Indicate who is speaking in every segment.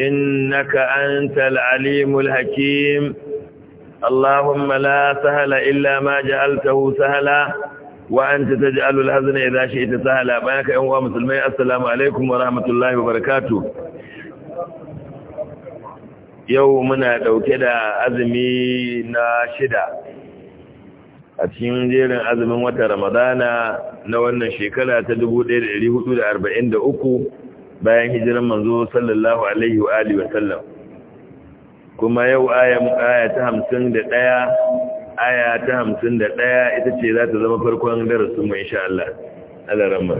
Speaker 1: إنك أنت العليم الحكيم اللهم لا سهل إلا ما جعلته سهلا وأنت تجعل الحزن إذا شئت سهلا بياك أمواء مسلمين السلام عليكم ورحمة الله وبركاته يومنا لو كده أزمي ناشدة أتشين جيرا أزمي وترمضانا نوانا شكرا تدبو دير إليه تود أربعين دا أكو bayan hijiran manzo sallallahu alaihi wa alihi wasallam kuma yau aya ta hamsin da ɗaya aya ta hamsin da ɗaya ita ce za ta zama farkon darasin mu insha Allah Allah rahma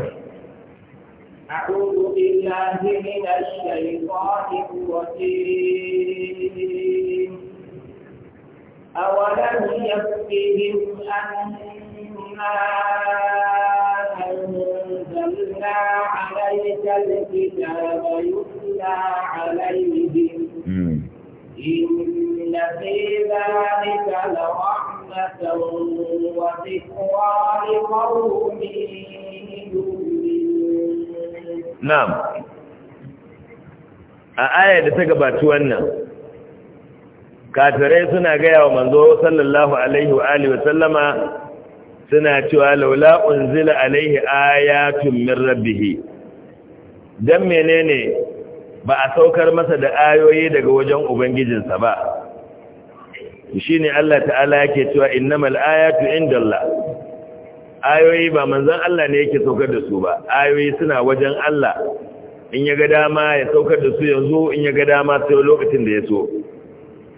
Speaker 2: أعوذ بالله من الشيطان الرجيم أولم يكفهم أنا أنزلنا أنزلنا عليك الكتاب يتلى عليهم إن في
Speaker 1: a aya da ta gabaci wannan kafirai suna gaya wa manzo sallallahu alaihi wa'alihi wa sallama suna cewa laula unzila alaihi Ayatu, min rabbih dan menene ba a saukar masa da ayoyi daga wajen ubangijinsa ba shine Allah ta'ala yake cewa innamal ayatu indallah ayoyi ba manzon Allah ne yake saukar da su ba ayoyi suna wajen Allah in ya ga dama ya saukar da su yanzu in ya ga dama sai lokacin da ya so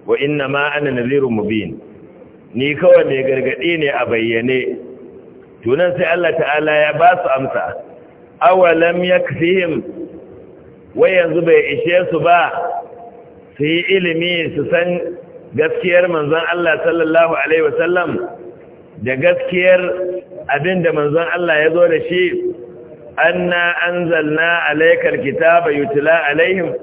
Speaker 1: wa inna ma ana nadhirun mubin ni kawai mai gargaɗi ne a bayyane tunan sai Allah ta'ala ya ba su amsa awalam ya wai yanzu bai ishe su ba su yi ilimi su san gaskiyar manzon Allah sallallahu Alaihi wasallam da gaskiyar abinda manzon Allah ya zo da shi anna anzalna alaikar kitaba yutula alaihim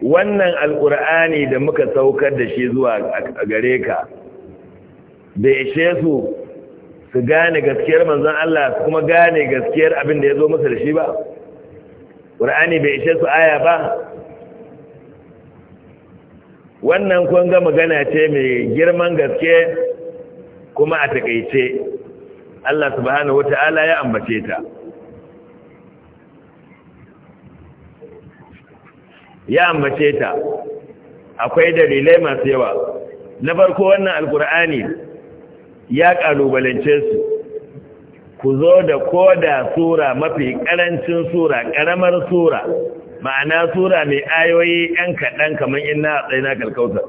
Speaker 1: wannan alkur'ani da muka saukar da shi zuwa gare ka bai ishe su su gane gaskiyar manzon Allah su kuma gane gaskiyar abin da ya zo musu da shi ba ƙur'ani bai ishe su aya ba wannan kun magana ce mai girman gaske kuma a takaice Allah subhanahu wata'ala ya ambace ta ya ambace ta akwai dalilai masu yawa na farko wannan alkur'ani ya ƙalubalance su ku zo da ko da sura mafi ƙarancin sura ƙaramar sura ma'ana sura mai ayoyi ‘yan kaɗan kamar ina tsayina kalkautar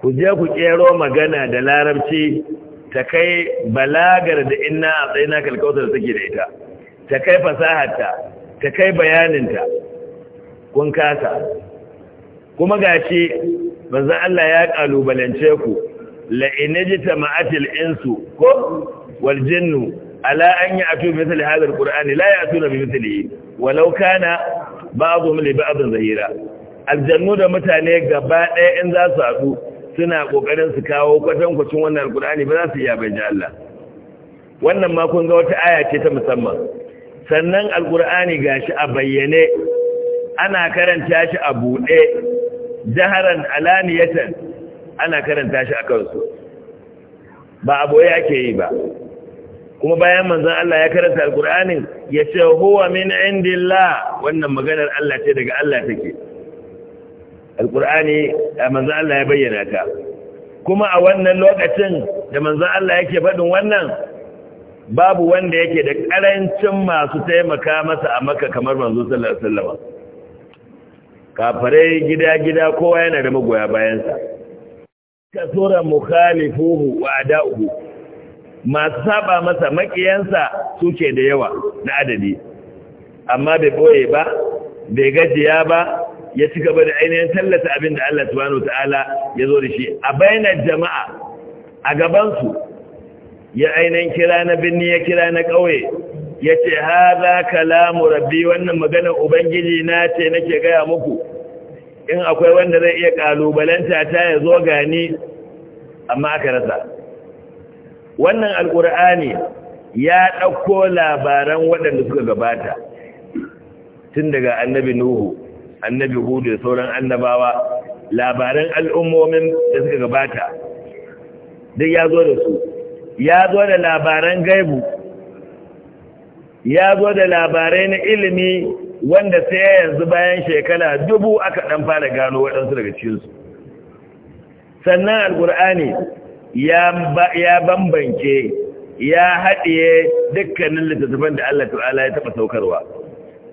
Speaker 1: ku je ku ƙero magana da larabci ta kai balagar da ina tsayina kalkautar suke da ita ta kai fasaharta ta kai bayaninta kun kasa kuma gashi banzan Allah ya ƙalubalance ku ta ma'atil insu ko wal jinnu ala an ya'tu mithli hadha alqur'ani la ya'tuna misali walau kana ba'dhum li ba'dhin zahira aljannu da mutane gaba ɗaya in za su haɗu suna ƙoƙarin su kawo kwacin wannan alqur'ani ba za su iya bai Allah wannan ma kun ga wata aya ce ta musamman sannan ga gashi a bayyane ana karanta shi a buɗe jaharan alaniyatan ana karanta shi a kansu ba a boye ake yi ba kuma bayan manzan Allah ya karanta alkur'anin ya ce huwa min indillah wannan maganar Allah ce daga Allah take alkur'ani manzan Allah ya bayyana ta kuma a wannan lokacin da manzan Allah yake faɗin wannan babu wanda yake da ƙarancin masu taimaka masa a maka kamar manzo sallallahu alaihi wasallam kafarai gida-gida kowa yana da magoya bayansa kasura mukhalifuhu wa ada'uhu masu saba masa makiyansa suke da yawa na adadi amma bai boye ba bai gajiya ba ya ci gaba da ainihin tallata abin da Allah subhanahu ta'ala ya zo da shi a bainar jama'a a gabansu ya ainihin kira na binni ya kira na ƙauye yace ce haza kalamu rabbi wannan maganar ubangiji na ce nake gaya muku in akwai wanda zai iya ƙalubalanta ta ya zo gani amma aka rasa wannan alƙur'ani ya ɗauko labaran waɗanda suka gabata tun daga annabi nuhu annabi hudu da sauran annabawa labaran al'ummomin da suka gabata duk ya zo da su ya zo da labaran gaibu ya zo da labarai na ilimi wanda sai yanzu bayan shekara dubu aka ɗan fara gano waɗansu daga cikinsu sannan alkur'ani ya bambance ya haɗiye dukkanin littattafan da Allah ta'ala ya taɓa saukarwa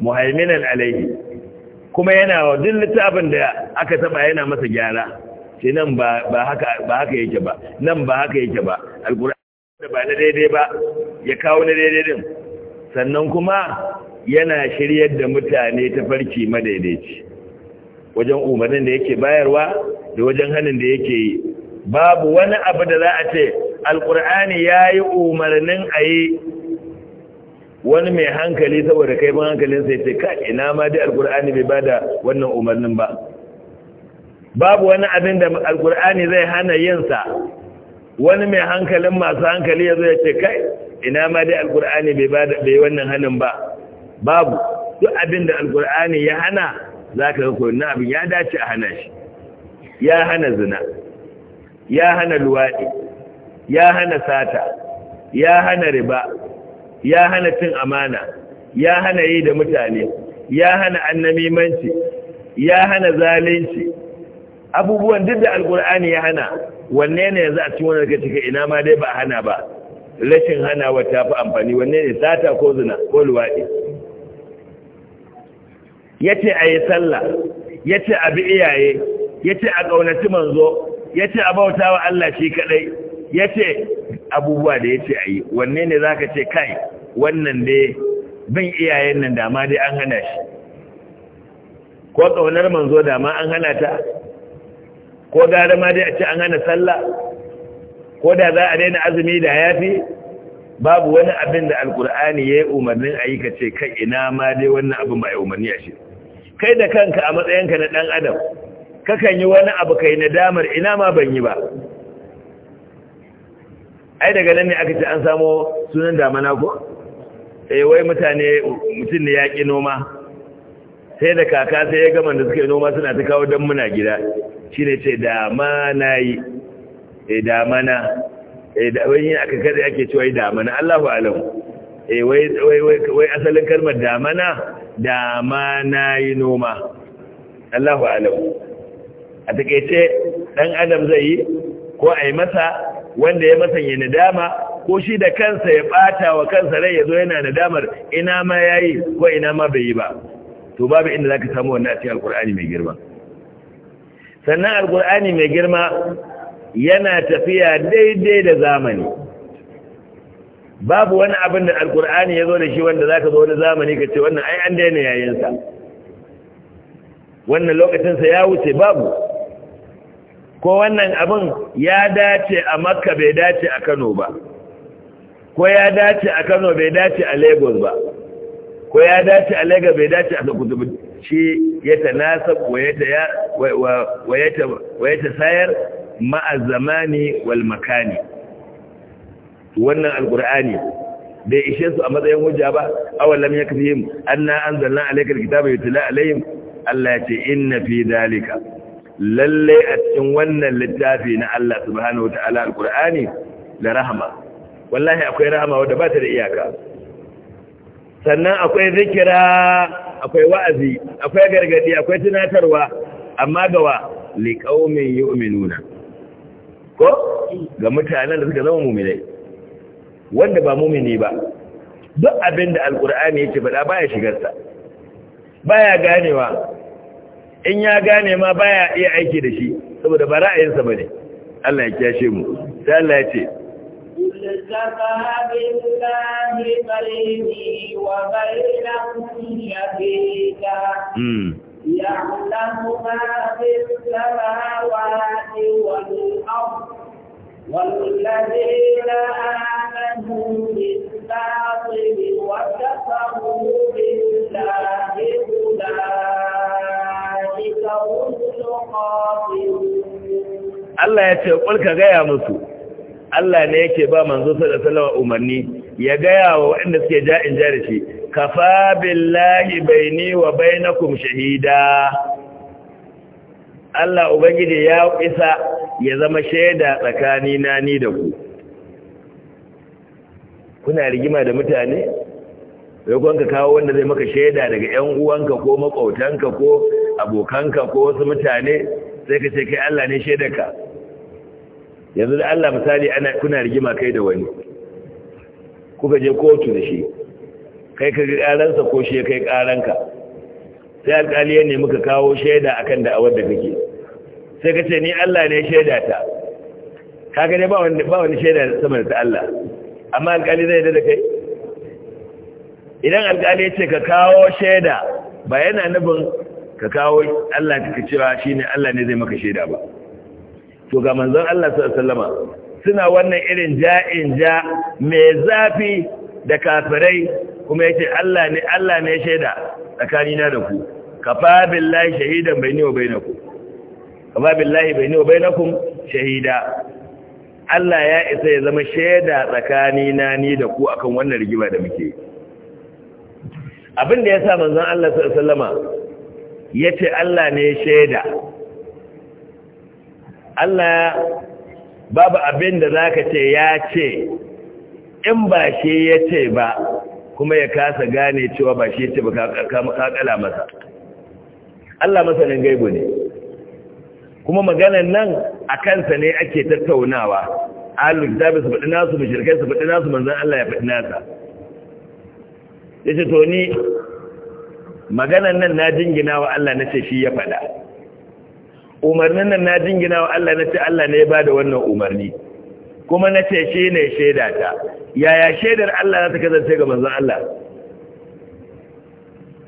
Speaker 1: muhaiminan alaihi kuma yana wa duk littafin da aka taɓa yana masa gyara sai nan ba haka yake ba nan ba haka yake ba da ba na daidai ba ya kawo na daidai din sannan kuma yana shiryar da mutane ta farki madaidaici wajen umarnin da yake bayarwa da wajen hannun da yake yi babu wani abu da za a ce alkur'ani ya yi umarnin a yi wani mai hankali saboda kai kaifin hankalinsa ya ce ka ina ma dai alkur'ani bai ba da wannan umarnin ba babu wani abin da alkur'ani zai hana yinsa wani mai hankalin masu hankali ya zo ya ce kai ina ma dai alkur'ani bai wannan hannun ba babu duk abin da alkur'ani ya hana za ka ga na abin ya dace a hana shi ya hana zina ya hana luwaɗi ya hana sata ya hana riba ya hana cin amana ya hana yi da mutane ya hana annamimanci ya hana zalunci abubuwan duk da alkur'ani ya hana wanne ne yanzu a cikin wani daga ina ma dai ba hana ba rashin hana wata fi amfani wanne ne sata ko zina ko luwaɗi ya ce a yi sallah ya ce a bi iyaye ya ce a ƙaunaci manzo ya ce a bauta wa Allah shi kaɗai ya ce abubuwa da ya ce a yi wanne ne za ka ce kai wannan da bin iyayen nan dama dai an hana shi ko ƙaunar manzo dama an hana ta ko gara ma dai a ce an hana sallah ko da za a daina azumi da ya fi babu wani abin da alkur'ani ya yi umarnin a yi ka ce kai ina ma dai wannan abin ba ya umarni a shi kai da kanka a matsayinka na ɗan adam kakan yi wani abu kai na damar ina ma ban yi ba ai daga nan ne aka ce an samo sunan damana ko eh wai mutane mutum ne ya ƙi noma sai da kaka sai ya gama da suka noma suna ta kawo don muna gida shi ne ce damana yi eh damana eh yi aka kada ake cewa yi damana Allahu alamu eh wai asalin kalmar damana damana yi noma Allahu alam a takaice ɗan adam zai yi ko a yi masa wanda ya masan yana dama ko shi da kansa ya ɓata wa kansa rai ya zo yana nadamar ina ma ya yi ko ina ma bai yi ba to babu inda zaka samu wannan a cikin mai girma sannan alqur'ani mai girma yana tafiya daidai da zamani babu wani abin da alkur'ani ya zo da shi wanda za ka zo wani zamani ka ce wannan ai an daina yayinsa wannan lokacinsa ya wuce babu ko wannan abin ya dace a makka bai dace a kano ba ko ya dace a kano bai dace a lagos ba ko ya dace a lagos bai dace a sokoto ba shi ya ta nasab wa ya ta sayar ma'azamani wal makani wannan alkur'ani bai ishe su a matsayin hujja ba awalam yakfihim anna anzalna alayka alkitaba yutla alayhim Allah ya ce inna fi dalika lalle a cikin wannan littafi na Allah subhanahu wataala alkur'ani da rahama wallahi akwai rahama wadda ba ta da iyaka sannan akwai zikira akwai wa'azi akwai gargadi akwai tunatarwa amma gawa liqaumin yu'minuna ko ga mutanen da suka zama mu'minai wanda ba mumini ba duk abin da alkur'ani yake faɗa baya shigarsa baya ganewa in ya gane ma baya iya aiki da shi saboda ba ra'ayinsa bane Allah ya kiyashe mu sai Allah ya ce
Speaker 2: كفى بالله بيني وبينكم شهيدا والذين آمنوا بالباطل وكفروا بالله أولئك هم الخاسرون
Speaker 1: الله يقول كغاية Allah ne yake ba manzo sallallahu alaihi wasallam umarni ya gaya wa waɗanda suke ja'in jarishi kafa billahi baini wa bainakum shahida Allah Ubangiji ya isa ya zama shaida na ni da ku kuna rigima da mutane yankon ka kawo wanda zai maka shaida daga 'yan uwanka ko makautanka ko abokanka ko wasu mutane sai ka ce kai Allah ne ka. yanzu da Allah misali ana kuna rigima kai da wani kuka je kotu da shi kai ka ga ƙaransa ko shi kai ƙaranka? sai alƙaliyar ne muka kawo shaida akan da'awar da kake sai ka ce ni Allah ne shaida ta kaga ne ba wani ba wani shaida sama da Allah amma alƙali zai da kai idan alƙali ya ce ka kawo shaida ba yana nufin ka kawo Allah ka cewa shine Allah ne zai maka shaida ba to ga manzon Allah sallallahu alaihi wasallama suna wannan irin ja'in ja mai zafi da kafirai kuma yace Allah ne Allah ne shaida tsakanina da ku kafa billahi shahidan baini wa bainakum kama billahi baini wa bainakum shahida Allah ya isa ya zama shaida tsakani na ni da ku akan wannan rigima da muke abin da yasa manzon Allah sallallahu alaihi wasallama yace Allah ne shaida Allah babu abin da zaka ce ya ce in ba shi ya ce ba kuma ya kasa gane cewa ba shi ya ce ba ka kala masa Allah masanin gaibu ne kuma maganan nan a kansa ne ake tattaunawa alu kitabi su faɗi nasu shirkai su faɗi nasu manzon Allah ya faɗi nasa ce to ni maganan nan na jingina wa Allah na ce shi ya faɗa umarnin nan na jingina wa Allah na ce Allah ne ya bada wannan umarni kuma na ce shi ne shaida ta yaya shaidar Allah za ta kasance ga manzon Allah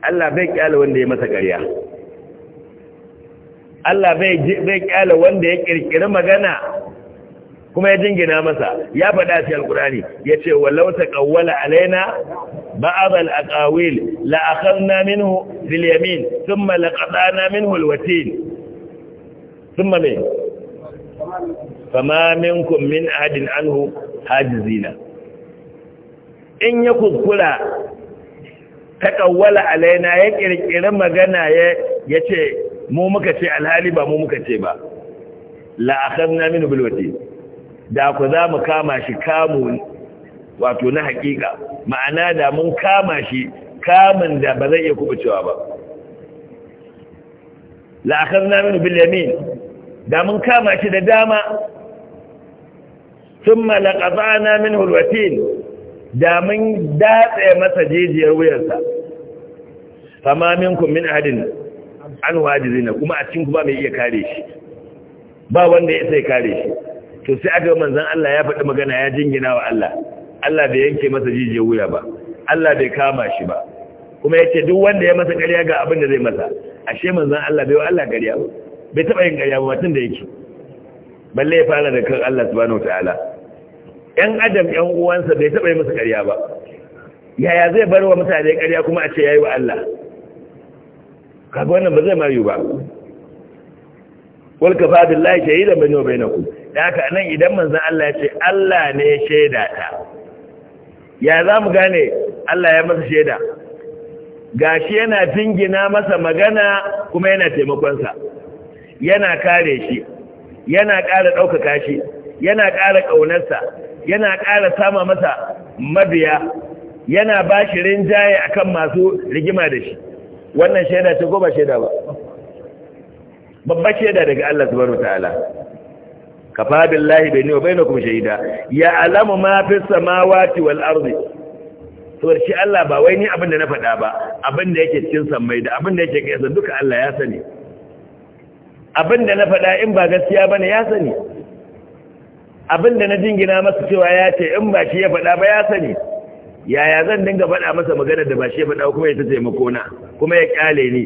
Speaker 1: Allah bai kyale wanda ya masa ƙarya Allah bai ƙyala wanda ya kirkiri magana kuma ya jingina masa ya faɗa fi alkurari ya ce walauta ƙawwala alaina ba'azal a ƙawil la'akar na minhu sun malakaɗa na minhul wace sun mame famamin kummin anhu hajji in ya kuskura ta ƙawwala alaina ya ƙirƙiri magana ya ce mu muka ce alhali ba mu muka ce ba la akhadna min bil wati da ku za mu kama shi kamu wato na hakika ma'ana da mun kama shi kamun da ba zai iya kubucewa ba la akhadna min bil yamin da mun kama shi da dama thumma laqata'na minhu al watin da mun datse masa jijiyar wuyarsa fama minkum min ahadin an zina, kuma a cikin kuma mai iya kare shi ba wanda ya sai kare shi to sai aka manzan Allah ya faɗi magana ya jingina wa Allah Allah bai yanke masa jijiyar wuya ba Allah bai kama shi ba kuma yake duk wanda ya masa ƙarya ga abin da zai masa ashe manzan Allah bai wa Allah ƙarya ba bai taɓa yin ƙarya ba tun da yake balle ya fara da kan Allah subhanahu wataala ƴan adam ƴan uwansa bai taɓa yi masa ƙarya ba yaya zai bar wa mutane ƙarya kuma a ce yayi wa Allah kaga wannan ba zai mayu ba wal kafa da shahidan bayna ku da haka nan idan manzon Allah ya ce Allah ne shaida ta ya za mu gane Allah ya masa shaida gashi yana jingina masa magana kuma yana taimakonsa yana kare shi yana ƙara ɗaukaka shi yana ƙara ƙaunarsa yana ƙara sama masa mabiya yana ba shi rinjaye akan masu rigima da shi wannan shaida ce ko ba shaida ba Babba shaida daga Allah subhanahu wataala kafa billahi bayni wa bainakum shaida ya alamu ma fi samawati wal ardi to shi Allah ba wai ni abin da na faɗa ba abin da yake cikin sammai da abin da yake kaisa duka Allah ya sani abin da na faɗa in ba gaskiya bane ya sani abin da na jingina masa cewa ya ce in ba shi ya faɗa ba ya sani yaya zan dinga faɗa masa magana da ba shi faɗa kuma ya ta taimako na kuma ya kyale ni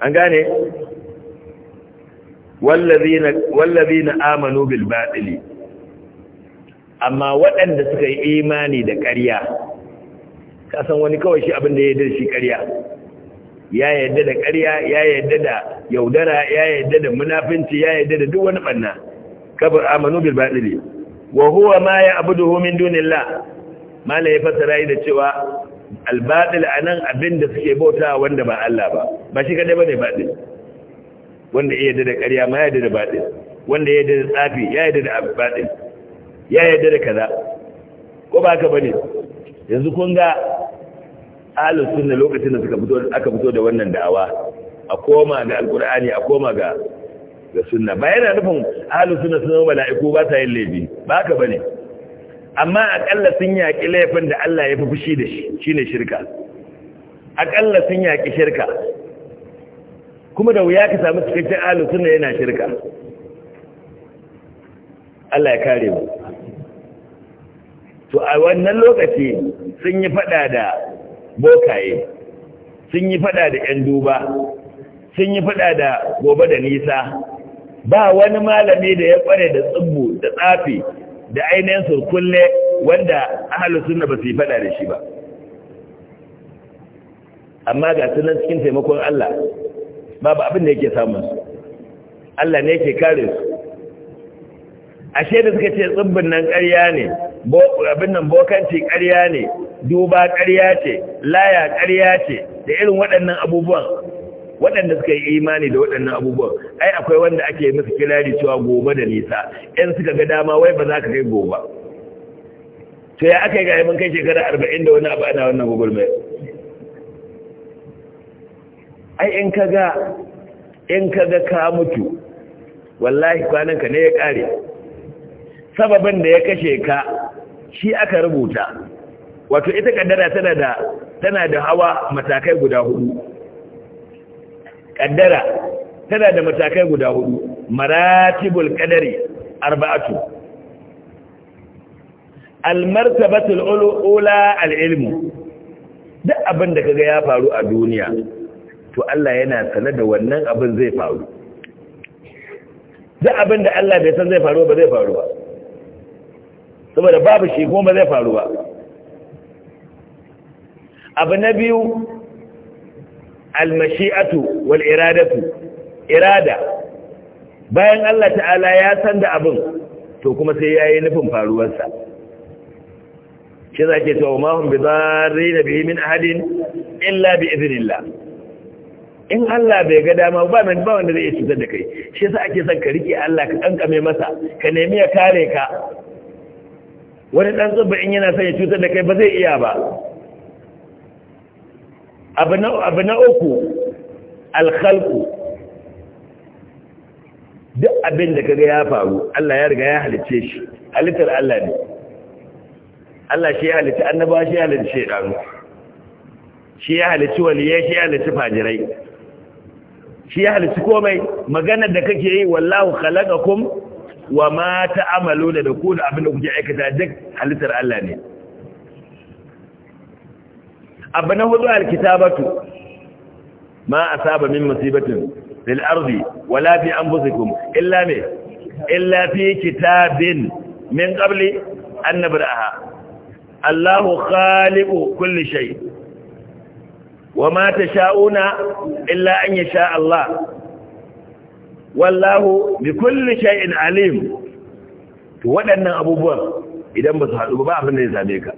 Speaker 1: an gane wallazi na amanu bil batili amma waɗanda suka yi imani da ƙarya kasan wani kawai shi abin da ya yi shi ƙarya ya yadda da ƙarya ya yadda da yaudara ya yadda da munafinci ya yadda da duk wani ɓanna kabar amanu bil batili wa huwa ma ya'buduhu min dunillah mala ya fasara yi da cewa albadil anan abin da suke bauta wanda ba Allah ba ba shi kadai bane badil wanda ya da ƙarya ma ya da badil wanda ya da tsafi ya da batil ya da kaza ko ba ka bane yanzu kun ga ahlus sunna lokacin da suka fito aka fito da wannan da'awa a koma ga alqur'ani a koma ga da sunna ba yana nufin ahlus sunna sun zama mala'iku ba ta yin laifi ba haka bane amma akalla sun yaki laifin da Allah ya fi fushi da shi shine shirka akalla sun yaki shirka kuma da wuya ka samu cikakken ahlus sunna yana shirka Allah ya kare mu to a wannan lokaci sun yi fada da bokaye sun yi fada da 'yan duba sun yi fada da gobe da nisa ba wani malami da ya kware da tsibbu da tsafi da ainihin surkulle wanda ahalus suna ba su yi fada da shi ba amma ga sunan cikin taimakon Allah babu abin da yake samun su Allah ne yake kare su ashe da suka ce tsibbin nan karya ne abin nan bokanci ƙarya ne duba ƙarya ce laya karya ce da irin waɗannan abubuwan waɗanda suka yi imani da waɗannan abubuwan ai akwai wanda ake musu kirari cewa gobe da nisa in suka ga dama wai ba za ka kai gobe to ya aka yi ga mun kai shekara arba'in da wani abu ana wannan gugul mai ai in ka ga in ka ga ka mutu wallahi kwananka ne ya ƙare sababin da ya kashe ka shi aka rubuta wato ita kaddara tana da tana da hawa matakai guda hudu kaddara tana da matakai guda hudu maratibul qadari arba'atu almartabatul ula alilmu duk abin da kaga ya faru a duniya to Allah yana sane da wannan abin zai faru duk abin da Allah bai san zai faru ba zai faru ba saboda babu shi kuma zai faru ba abu na biyu almashi'atu wal iradatu irada bayan Allah ta'ala ya san da abin to kuma sai ya yi nufin faruwarsa shi zake ke ma hum bi zarri na bihi min ahadin illa bi izinillah in Allah bai ga dama ba mai ba wanda zai cutar da kai shi sa ake son ka rike Allah ka kankame masa ka nemi ya kare ka wani dan zuba in yana son ya cutar da kai ba zai iya ba abu na uku alkhalku duk abin da kaga ya faru Allah ya riga ya halice shi halittar Allah ne Allah shi ya halice annaba shi ya halice shedanu shi ya halice waliyai shi ya halice fajirai shi ya halice komai maganar da kake yi wallahu khalaqakum wa ma ta'amalu da ku da abin da kuke aikata duk halittar Allah ne abu na hudu alkitabatu ma saba min musibatin fil ardi wala fi anfusikum illa me illa fi kitabin min qabli an aha. Allahu khaliqu kulli shai. wa ma sha'una? illa an yasha Allah wallahu bi kulli shay'in alim waɗannan abubuwan idan ba su haɗu ba abin da ya same ka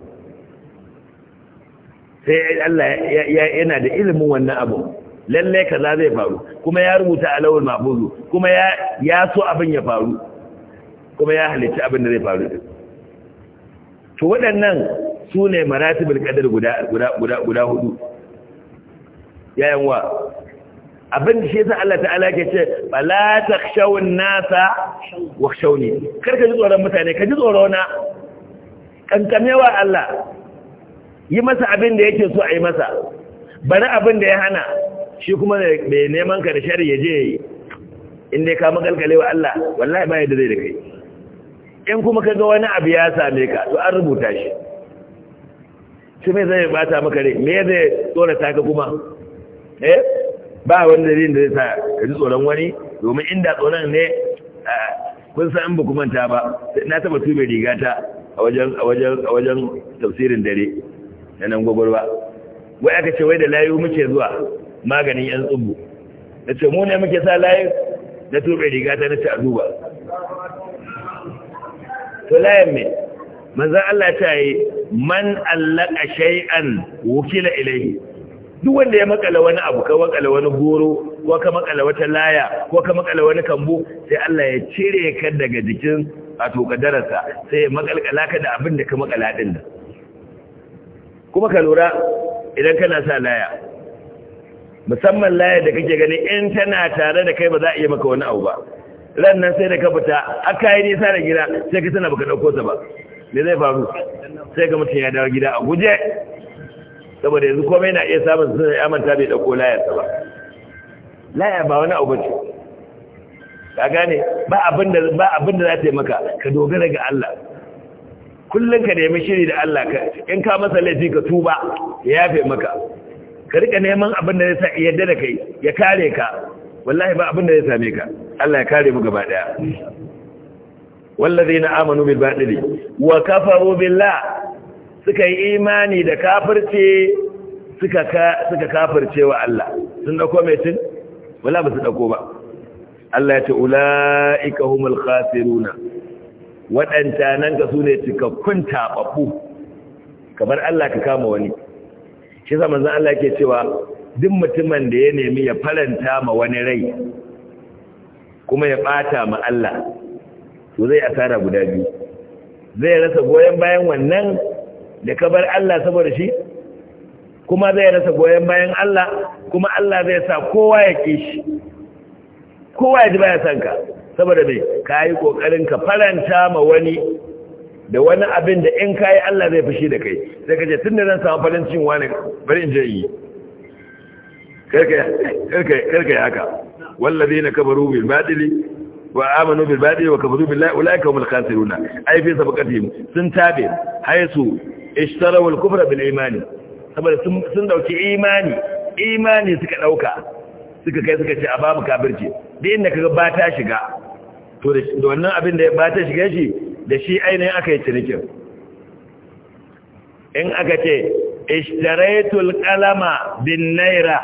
Speaker 1: sai Allah yana da ilimin wannan abu lalle kaza zai faru kuma ya rubuta alawul mahfuzu kuma ya ya so abin ya faru kuma ya halitta abin da zai faru to waɗannan su ne maratibul qadar guda guda guda guda hudu abin da shi yasa Allah ta'ala ke ce bala takhshawun nasa wakhshawni karka ji tsoron mutane ka ji tsoro na kankamewa Allah yi masa abin da yake so a yi masa bari abin da ya hana shi kuma da ya neman ka da shari ya je yi inda ya kama kalkalewa Allah wallahi ba da zai da kai in kuma ka ga wani abu ya same ka to an rubuta shi shi mai zai bata maka ne me zai tsorata ka kuma eh ba wani dalilin da zai sa ka ji tsoron wani domin inda tsoron ne kun san ba kuma ta ba na taba tube rigata a wajen a wajen tafsirin dare da nan gwagwarwa wai aka ce wai da layu muke zuwa maganin yan tsubu da ce mu ne muke sa layu na tube riga ta na ci a duba to layin me manzan Allah ta yi man allaka shay'an wukila ilaihi duk wanda ya makala wani abu ka makala wani goro ko ka makala wata laya ko ka makala wani kambu sai Allah ya cire ka daga jikin a to kadararsa sai ya makalkala ka da abin da ka makala din nan kuma ka lura idan kana sa laya musamman laya da kake gani in tana tare da kai ba za a iya maka wani abu ba ran nan sai da ka fita aka yi nisa da gida sai ka tana baka dauko ta ba me zai faru sai ga mutum ya dawo gida a guje saboda yanzu komai na iya samun sun ya manta bai dauko layarsa ba laya ba wani abu ce ka gane ba abin da za ta yi maka ka dogara ga Allah kullum ka nemi shiri da Allah ka in ka masa laifi ka tuba ya yafe maka ka rika neman abin da zai sa yadda da kai ya kare ka wallahi ba abin da zai same ka Allah ya kare mu gaba daya wallazina amanu bil batili wa kafaru billah suka yi imani da kafirce suka suka kafirce wa Allah sun dauko mai tun? wallahi ba su dauko ba Allah ya ce ulaika humul khasiruna Waɗanta nan ka su ne cikakkun taɓaɓɓu kamar Allah ka kama wani shi zaman zan Allah ke cewa duk mutumin da ya nemi ya faranta ma wani rai kuma ya ɓata ma Allah to zai asara guda biyu zai rasa goyon bayan wannan da ka bar Allah saboda shi kuma zai rasa goyon bayan Allah kuma Allah zai sa kowa ya ƙi kowa ya ji baya son saboda mai ka yi ƙoƙarin ka faranta ma wani da wani abin da in yi Allah zai fushi da kai sai tun tunda zan samu farin cikin wani bari in je yi karka karka karka haka wallazina kafaru bil badili wa amanu bil badili wa kafaru billahi ulaika humul khasirun ai fi sabaqatihim sun tabe haisu ishtaraw al kufra bil imani saboda sun dauki imani imani suka dauka suka kai suka ce a babu kafirci da inda kaga ba ta shiga to da wannan abin da ba ta shiga shi da shi ainihin aka yi cinikin in aka ce ishtaraitul kalama bin naira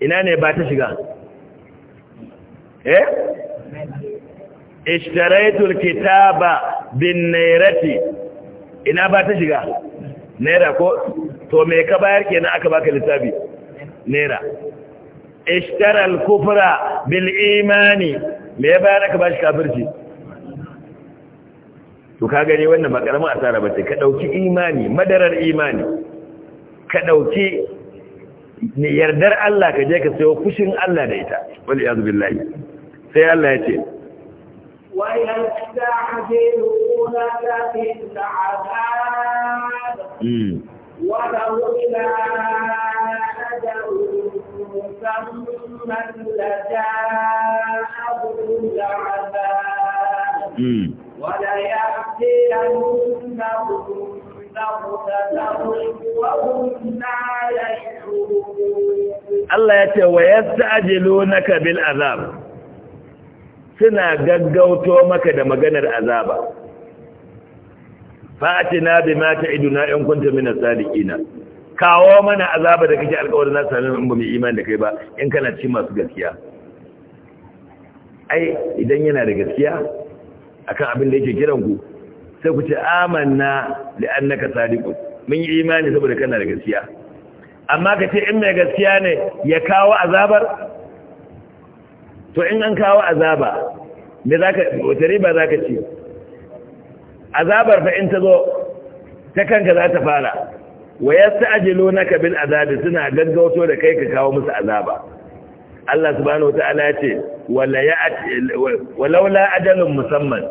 Speaker 1: ina ne ba ta shiga eh ishtaraitul kitaba bin nairati ina ba ta shiga naira ko to me ka bayar kenan aka baka lissafi naira ishtaral kufra bil imani me ya bayar aka bashi kafirci to ka gani wannan ba karamin asara ba ce ka dauki imani madarar imani ka dauki yardar Allah ka je ka sayo kushin Allah da ita wal iyaz billahi sai Allah ya ce
Speaker 2: wa yasta'jilunaka bil 'adab wa law ila ajalin Allah ya ce wa yasta ajilu na bil azab
Speaker 1: suna gaggauto maka da maganar azaba na bima ta'iduna in kunta minas Sadiqina. kawo mana azaba da kake alƙawarin za su sami in ba mu imani da kai ba in kana cikin masu gaskiya ai idan yana da gaskiya akan abin da yake kiran ku sai ku ce amanna li annaka sadiqun mun yi imani saboda kana da gaskiya amma ka ce in mai gaskiya ne ya kawo azabar to in an kawo azaba me zaka wata riba zaka ci azabar fa in ta zo ta kanka za ta fara wa na bil azabi suna gaggauto da kai ka kawo musu azaba Allah subhanahu wata'ala ya ce walaula ajalun musamman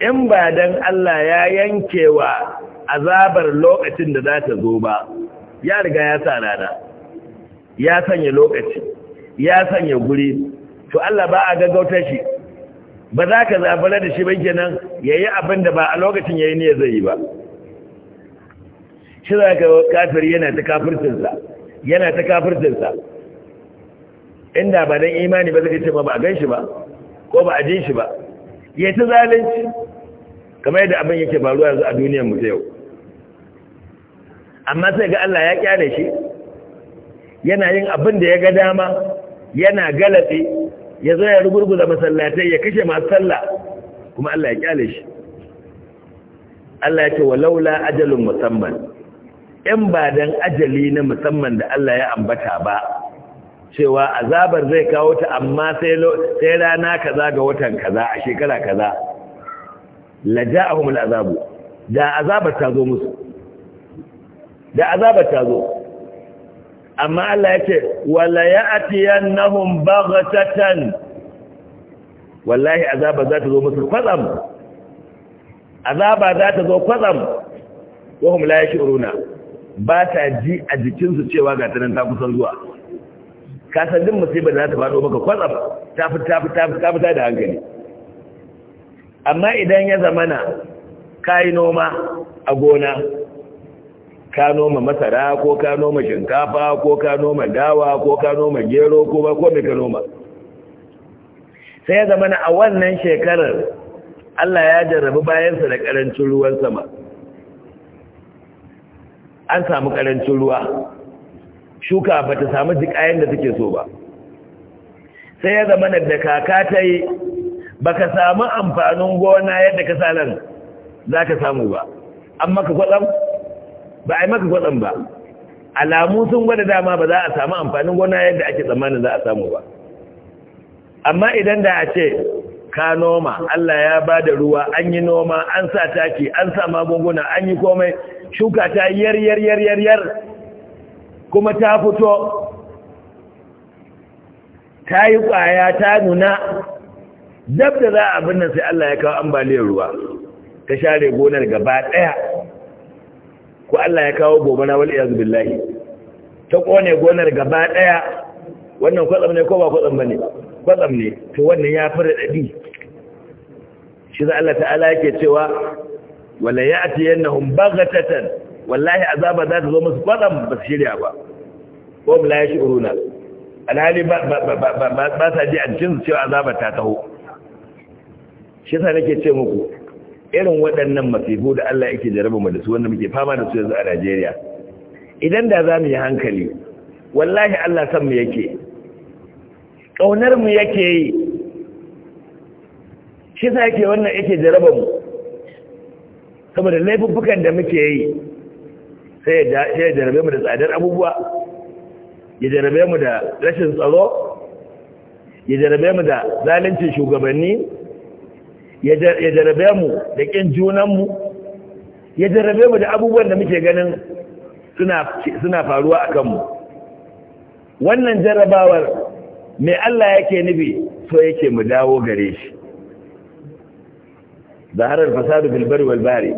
Speaker 1: in ba dan Allah ya yankewa azabar lokacin da za ta zo ba ya riga ya sa rana ya sanya lokaci ya sanya guri to Allah ba a gaggauta shi ba za ka zabara da shi ba kenan yayi abin da ba a lokacin yayi ne zai yi ba shi za ka kafir yana ta kafircinsa yana ta kafircinsa inda ba don imani ba zai ce ba ba a gan shi ba ko ba a jin shi ba ya ci zalunci kamar yadda abin yake faruwa yanzu a duniyar mu yau amma sai ga Allah ya kyale shi yana yin abin da ya ga dama yana galatsi ya zo ya rugurguza masallatai ya kashe masu sallah kuma Allah ya kyale shi Allah ya ce wa laula ajalun musamman Yan ba don ajali na musamman da Allah ya ambata ba cewa azabar zai kawo ta amma sai rana kaza ga watan kaza a shekara kaza laja'ahum azabu, da azabar ta zo musu da azabar ta zo amma Allah ya ce, wala ya'tiyannahum baghtatan wallahi azabar za ta zo musu kwatsam Azabar za ta zo kwatsam wahum la yashuruna ba ta ji a jikinsu cewa ga tanan ta kusan zuwa ka san din musibar za ta faɗo maka kwatsam ta fi ta fi ta fi ta da hankali amma idan ya zamana ka yi noma a gona ka noma masara ko ka noma shinkafa ko ka noma dawa ko ka noma gero ko ba ko mai ka noma sai ya zamana a wannan shekarar Allah ya jarrabi bayansa da ƙarancin ruwan sama an samu karancin ruwa shuka ba ta samu jikayen da take so ba sai ya zama da kaka ta yi ba samu amfanin gona yadda ka salan za ka samu ba an maka kwatsam ba a yi maka kwatsam ba alamu sun gwada dama ba za a samu amfanin gona yadda ake tsammanin za a samu ba amma idan da a ce ka noma Allah ya ba da ruwa an yi noma an sa taki an sa magunguna an yi komai shuka ta yar yar yar yar yar kuma ta fito ta yi kwaya ta nuna dab da za a binnan sai Allah ya kawo ambaliyar ruwa ta share gonar gaba ɗaya ko Allah ya kawo gobara wal iyaz billahi ta kone gonar gaba ɗaya wannan kwatsam ne ko ba kwatsam bane kwatsam ne to wannan ya fara dadi shi za Allah ta'ala yake cewa wala ya'ti yanahum baghatatan wallahi azaba za ta zo musu kwatsam ba su shirya ba ko la yashuruna alhali ba ba sa ji a cikin cewa azaba ta taho shi yasa nake ce muku irin waɗannan masifu da Allah yake jarabu mu da su wanda muke fama da su yanzu a Najeriya idan da za mu yi hankali wallahi Allah san mu yake kaunar mu yake yi shi sa yake wannan yake jarabu mu saboda laifuffukan da muke yi sai ya jarabe mu da tsadar abubuwa ya jarabe mu da rashin tsaro ya jarabe mu da zalincin shugabanni ya jarabe mu da ƙin junanmu ya jarabe mu da abubuwan da muke ganin suna faruwa a kanmu wannan jarabawar mai Allah yake nufi so yake mu dawo gare shi zaharar fasadu bilbari walbari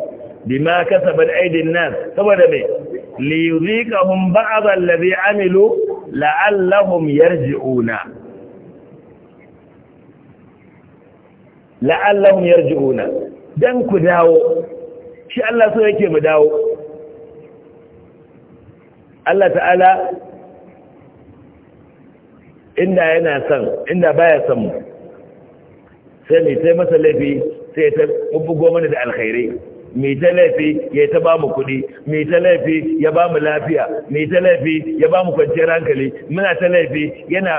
Speaker 1: bima kasabat aydin nas saboda me li yuziqahum ba'd allazi amilu la'allahum yarji'una la'allahum yarji'una dan ku dawo shi Allah so yake mu dawo Allah ta'ala inda yana son inda baya son mu sai mai sai masa laifi sai ta bugo mana da alkhairi. mai ta laifi ya ta ba mu kuɗi mai ta laifi ya ba mu lafiya mai ta laifi ya ba mu kwanciyar hankali muna ta laifi yana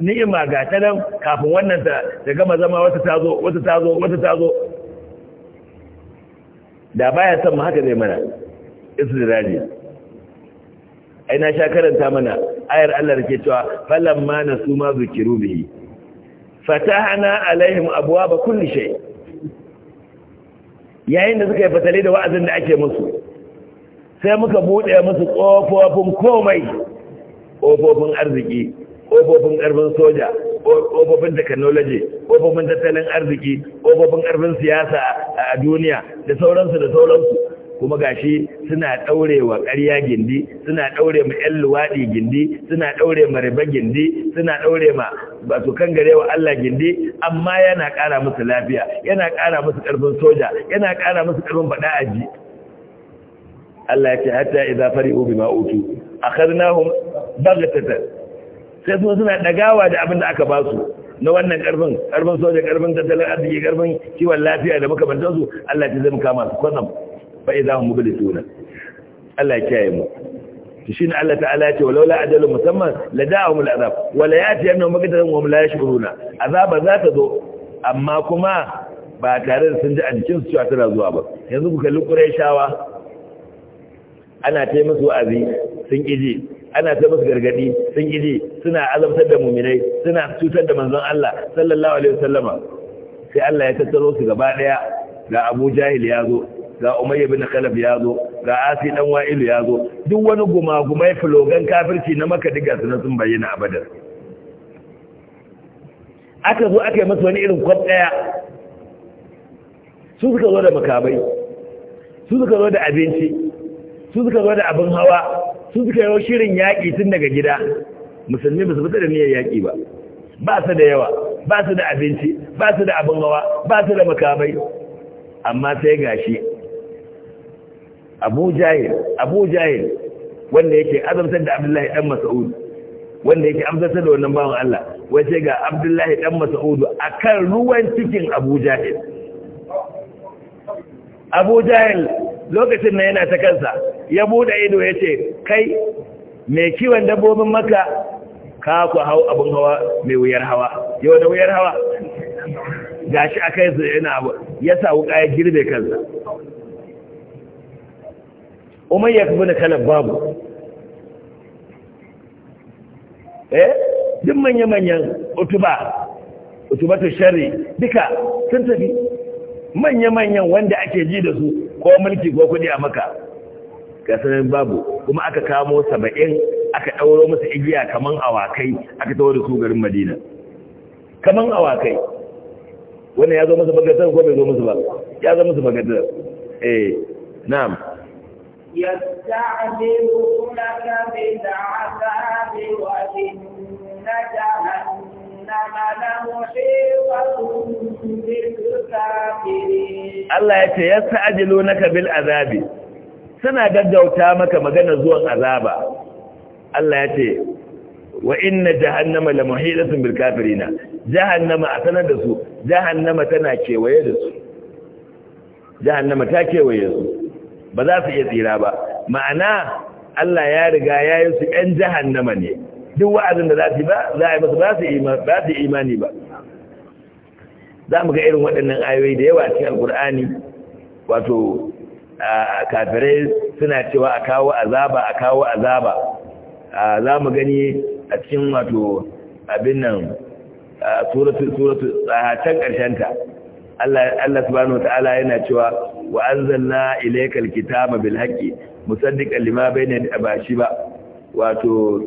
Speaker 1: ni'ima ga ta nan kafin wannan ta gama zama wata ta zo wata ta zo wata ta zo da baya son mu haka zai mana isra'ili ai na sha karanta mana ayar Allah da ke cewa falamma nasu ma zukiru bihi fatahana alaihim abwaaba kulli shay' yayin da suka yi fatale da wa'azin da ake musu sai muka buɗe musu ƙofofin komai ƙofofin arziki ƙofofin ƙarfin soja ƙofofin technology ƙofofin tattalin arziki ƙofofin ƙarfin siyasa a duniya da sauransu da sauransu kuma gashi suna daure wa ƙarya gindi suna daure ma ƴan luwaɗi gindi suna daure ma riba gindi suna daure ma ba su kangare wa Allah gindi amma yana ƙara musu lafiya yana ƙara musu ƙarfin soja yana ƙara musu ƙarfin faɗa aji Allah ya ce hatta idza fari'u bima utu akhadnahum baghtata sai su suna dagawa da abin da aka ba su na wannan ƙarfin ƙarfin soja ƙarfin tattalin arziki ƙarfin kiwon lafiya da makamantansu Allah ce zama kama su kwatsam fa idza hum mublisuna Allah ya kiyaye mu ne Allah ta'ala ya ce laula ajalu musamman lada'ahum al'azab la yati annahum magdatan wa la yashkuruna azaba za ta zo amma kuma ba tare da sun ji a jikin su cewa tana zuwa ba yanzu ku kalli quraishawa ana ta musu wa'azi sun kiji ana ta musu gargadi sun kiji suna azabtar da mu'minai suna cutar da manzon Allah sallallahu alaihi wasallama sai Allah ya tattaro su gaba daya ga Abu Jahil ya zo ga umayya bin khalaf ya zo ga asi dan wa'ilu ya zo duk wani gumagumai filogan kafirci na maka diga su sun bayyana a badar aka zo aka yi masa wani irin kwat daya su suka zo da makabai su suka zo da abinci su suka zo da abin hawa su suka yi shirin yaƙi tun daga gida musulmi ba su fita da niyyar yaƙi ba ba su da yawa ba su da abinci ba su da abin hawa ba su da makamai amma sai gashi abu jahil abu jahil wanda yake azamtar da abdullahi dan mas'ud wanda yake amsar da wannan bawan Allah wai sai ga abdullahi dan mas'ud akan ruwan cikin abu jahil abu jahil lokacin na yana ta kansa ya bude ido ya ce kai me kiwon dabbobin maka ka ku hau abin hawa mai wuyar hawa yau da wuyar hawa gashi a kai abu ya sa wuka ya girbe kansa umayya ibn kalab babu eh duk manya-manyan utuba utubatu shari duka sun tafi manya-manyan wanda ake ji da su ko mulki ko kudi a maka gasanin babu kuma aka kamo saba'in aka ɗauro musu igiya kaman awakai aka tawo da su garin madina kaman awakai wannan ya zo musu bagatar ko bai zo musu ba ya zo musu bagatar eh na'am
Speaker 2: يستعجلونك بالعذاب وإن جهنم لمحيطة بالكافرين الله
Speaker 1: يستعجلونك بالعذاب suna gaggauta maka magana zuwan azaba Allah ya ce wa inna jahannama la muhidatun bil kafirina jahannama a sanar da su jahannama tana kewaye da su jahannama ta kewaye su ba za su iya tsira ba ma'ana Allah ya riga ya yi su ‘yan jahannama ne duk wa'azin da za su yi ba za a yi masu ba su yi imani ba za mu ga irin waɗannan ayoyi da yawa cikin Alƙur'ani wato kafirai suna cewa a kawo azaba a kawo azaba za mu gani a cikin wato abin nan a ƙarshen ƙarshenta Allah Allah subhanahu wataala yana cewa wa anzalna ilaykal kitaba bil haqqi musaddiqan lima bayna yadayhi ba wato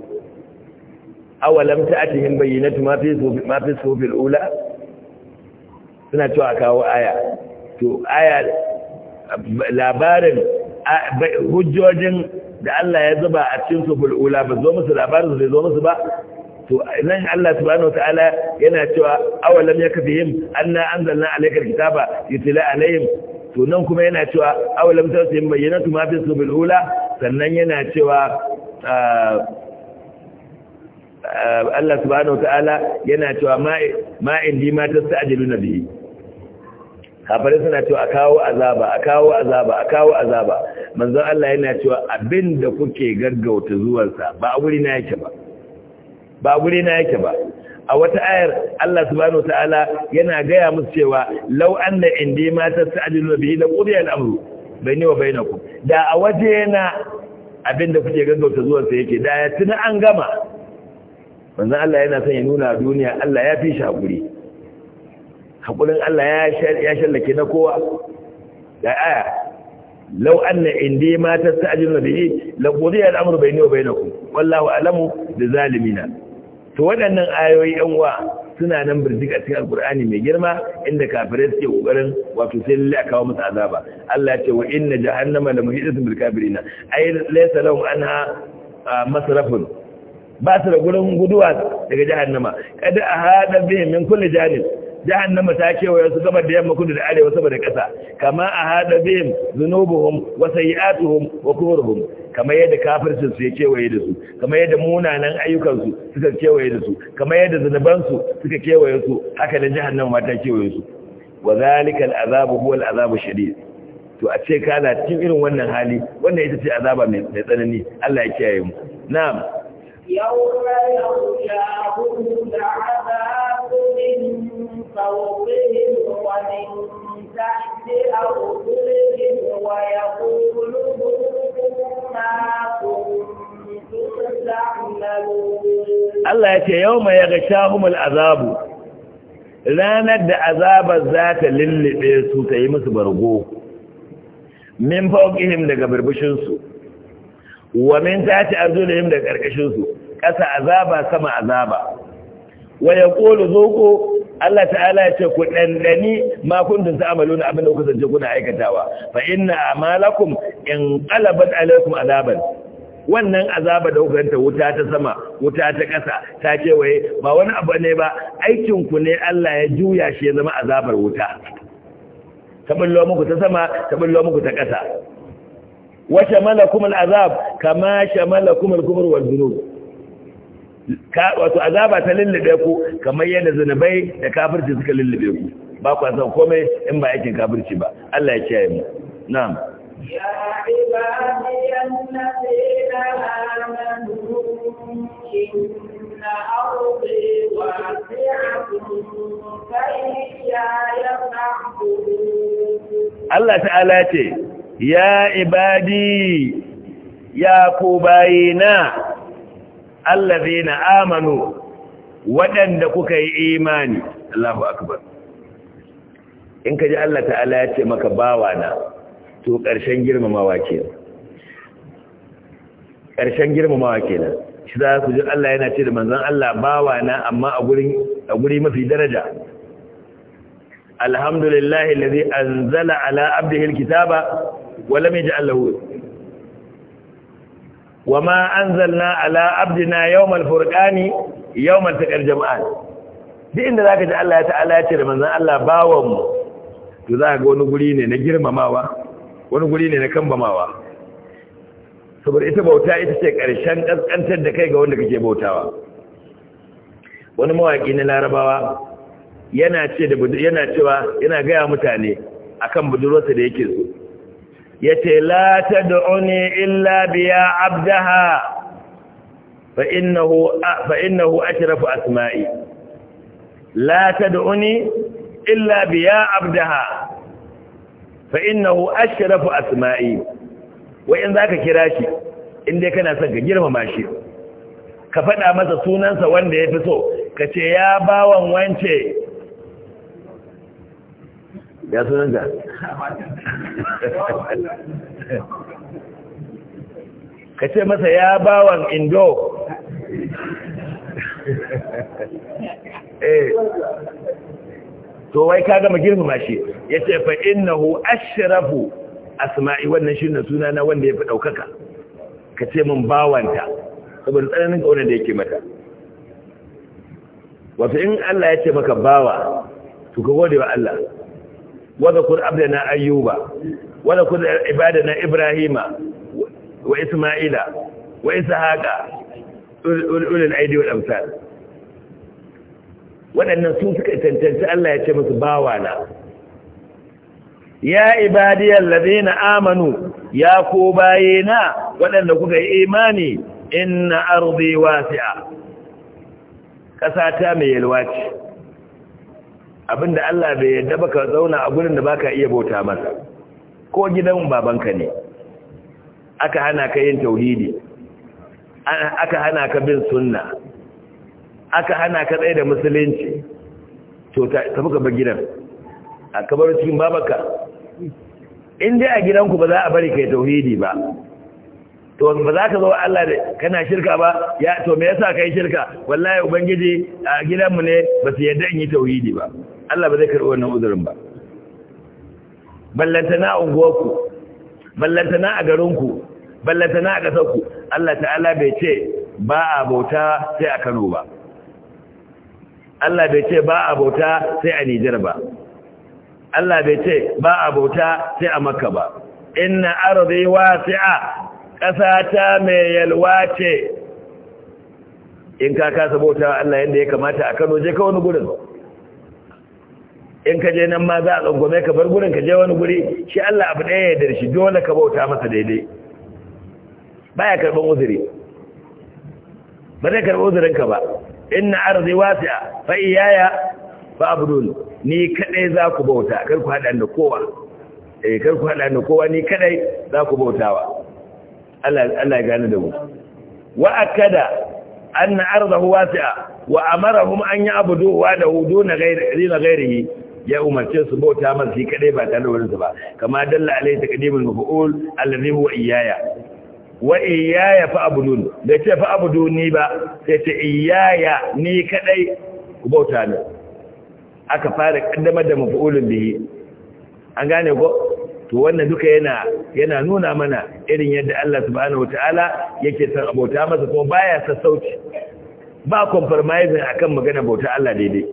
Speaker 1: awalam ta'tihim bayyinatu ma fi ma fi sufi alula suna cewa kawo aya to aya labarin hujjojin da Allah ya zuba a cikin sufi alula ba zo musu labarin zai zo musu ba to nan Allah subhanahu wataala yana cewa awalam yakfihim anna anzalna alaykal kitaba yutla alayhim to nan kuma yana cewa awalam tasim bayyinatu ma fi sabil ula sannan yana cewa ah, ah, Allah subhanahu wataala yana cewa ma indi ma tasajilu nabiyyi kafare suna cewa a kawo azaba a kawo azaba a kawo azaba manzon Allah yana cewa abinda kuke gaggauta zuwansa ba a wuri na yake ba ba guri na yake ba a wata ayar Allah subhanahu wataala yana gaya musu cewa law anna indi ma tasta'dilu bihi la qudiya al-amru baini wa bainakum da a waje na abinda kuke gaggauta zuwan sa yake da ya tuna an gama manzon Allah yana son ya nuna duniya Allah ya fi shi hakuri hakurin Allah ya shallake na kowa da aya law anna indi ma tasta'dilu bihi la qudiya al-amru baini wa bainakum wallahu a'lamu bi zalimina to waɗannan ayoyi yan uwa suna nan birjik a cikin alkur'ani mai girma inda kafirai suke kokarin wato sai lalle a kawo musu azaba Allah ce wa inna jahannama la muhidatun bil kafirina ay laysa lahum anha masrafun ba su da gurin guduwa daga jahannama kada a hada bihim min kulli janib jahannama ta kewaye su gabar da yamma kudu da arewa saboda kasa kama a hada bihim zunubuhum wa sayi'atuhum wa kufruhum kamar yadda kafircin su ya kewaye da su kamar yadda munanan ayyukan su suka kewaye da su kamar yadda zunuban su suka kewaye su haka da jahannama ta kewaye su wa zalika al'azabu huwa al'azabu shadid to a ce kana cikin irin wannan hali wannan ita ce azaba mai tsanani Allah ya kiyaye mu na'am
Speaker 2: يوم يغشاهم العذاب من Allah ya ce yau mai ya gasha humul azabu
Speaker 1: ranar da azabar za ta lullube su ta yi musu bargo min fauƙihim daga birbishinsu wa min ta ci arzulihim daga ƙarƙashinsu ƙasa azaba sama azaba wa ya ƙolu zoko Allah ta'ala ya ce ku ɗanɗani ma kuntum ta'maluna abin da kuka kuna aikatawa fa inna amalakum in qalabat alaikum azaban wannan azaba da kuka ta wuta ta sama wuta ta ƙasa ta kewaye ba wani abu ne ba aikinku ne Allah ya juya shi ya zama azabar wuta ta bullo muku ta sama ta bullo muku ta ƙasa wa shamalakum al'azab kama shamalakum al-kufr wal-dhunub wato azaba ta lullube ku kamar yadda zunubai da kafirci suka lullube ku ba ku san komai in ba aikin kafirci ba Allah ya kiyaye mu na'am
Speaker 2: ya ibadi allazina
Speaker 1: Allah ta'ala ce ya ibadi ya ku bayina allazi na amanu waɗanda kuka yi imani Allahu akbar in ka ji Allah ta'ala ya ce maka bawa na to ƙarshen girmamawa ke ƙarshen girmamawa ke nan shi za ku ji Allah yana ce da manzan Allah bawa na amma a guri mafi daraja alhamdulillahi lazi anzala ala abdihi alkitaba wa lam yaj'al lahu wa ma anzalna ala abdina yawmal furqani yawmal taqal jama'an duk inda zaka ji Allah ya ta'ala ya ce da manzan Allah bawon mu to za ga wani guri ne na girmamawa wani guri ne na kambamawa saboda ita bauta ita ce karshen kaskantar da kai ga wanda kake bautawa wani mawaki na larabawa yana ce da yana cewa yana gaya mutane akan budurwarsa da yake so ya ce la da da'uni illa biya abdaha fa innahu ashrafu asma'i la ta da'uni illa biya abdaha fa innahu ashrafu asma'i wa in zaka kira shi in dai kana son ka girmama shi ka faɗa masa sunansa wanda ya fi so ka ce ya bawan wance ya sunan ka ka ce masa ya bawan indo eh. to wai ka gama girmama shi ya ce fa innahu ashrafu asma'i wannan shi ne suna na wanda ya fi ɗaukaka ka ce min bawanta saboda tsananin ƙaunar da yake mata wato in Allah ya ce maka bawa to ka gode wa Allah وذكر عبدنا أيوب وذكر عبادنا إبراهيم وإسماعيل وإسحاق أولي الأيدي والأمثال waɗannan sun suka tantance Allah ya ce musu na. ya ibadiyar lazina amanu ya ko bayena waɗanda kuka yi imani inna arzi wasi'a ƙasa Ƙasata mai yalwa ce abinda Allah bai yarda ba ka zauna a gurin da baka iya bauta masa ko gidan babanka ne aka hana ka yin tauhidi aka hana ka bin sunna aka hana ka tsaye da musulunci to ta fuka bar gidan a kabar cikin babanka in dai a gidanku ba za a bari ka yi tauhidi ba to ba za ka zo Allah da kana shirka ba ya to me yasa kai shirka wallahi ubangiji a gidanmu ne ba su yadda in yi tauhidi ba Allah ba zai karɓi wannan uzurin ba ballantana a unguwarku ballantana a garinku ballantana a ku, Allah ta'ala bai ce ba a bauta sai a Kano ba Allah bai ce ba a bauta sai a Nijar ba Allah bai ce ba a bauta sai a Makka ba inna ardi wasi'a ƙasa ta mai yalwa ce in ka kasa bauta Allah yadda ya kamata a Kano je ka wani gurin in ka je nan ma za a tsangwame ka bar gurin ka je wani guri shi Allah abu ɗaya ya darshi dole ka bauta masa daidai Ba ya karɓar uzuri ba zai karɓi ka ba in na arzi fa'i yaya ba abu dole ni kadai za ku bauta kar ku haɗa da kowa eh kar ku haɗa da kowa ni kadai za ku bautawa Allah ya gane da mu wa akada anna ardahu wasi'a wa amarahum an ya'budu wa da hudu na ghairi ghairihi ya umarce su bauta masa shi kadai ba tare da wurinsa ba kama dalla alai taqdimul mafuul alladhi huwa iyaya wa iyaya fa abudun da ce fa abuduni ba sai ce iyaya ni kadai ku bauta ne aka fara kaddamar da mafuulun bihi an gane ko to wannan duka yana yana nuna mana irin yadda Allah subhanahu wataala yake san abota masa ko baya sassauci ba compromising akan magana bauta Allah daidai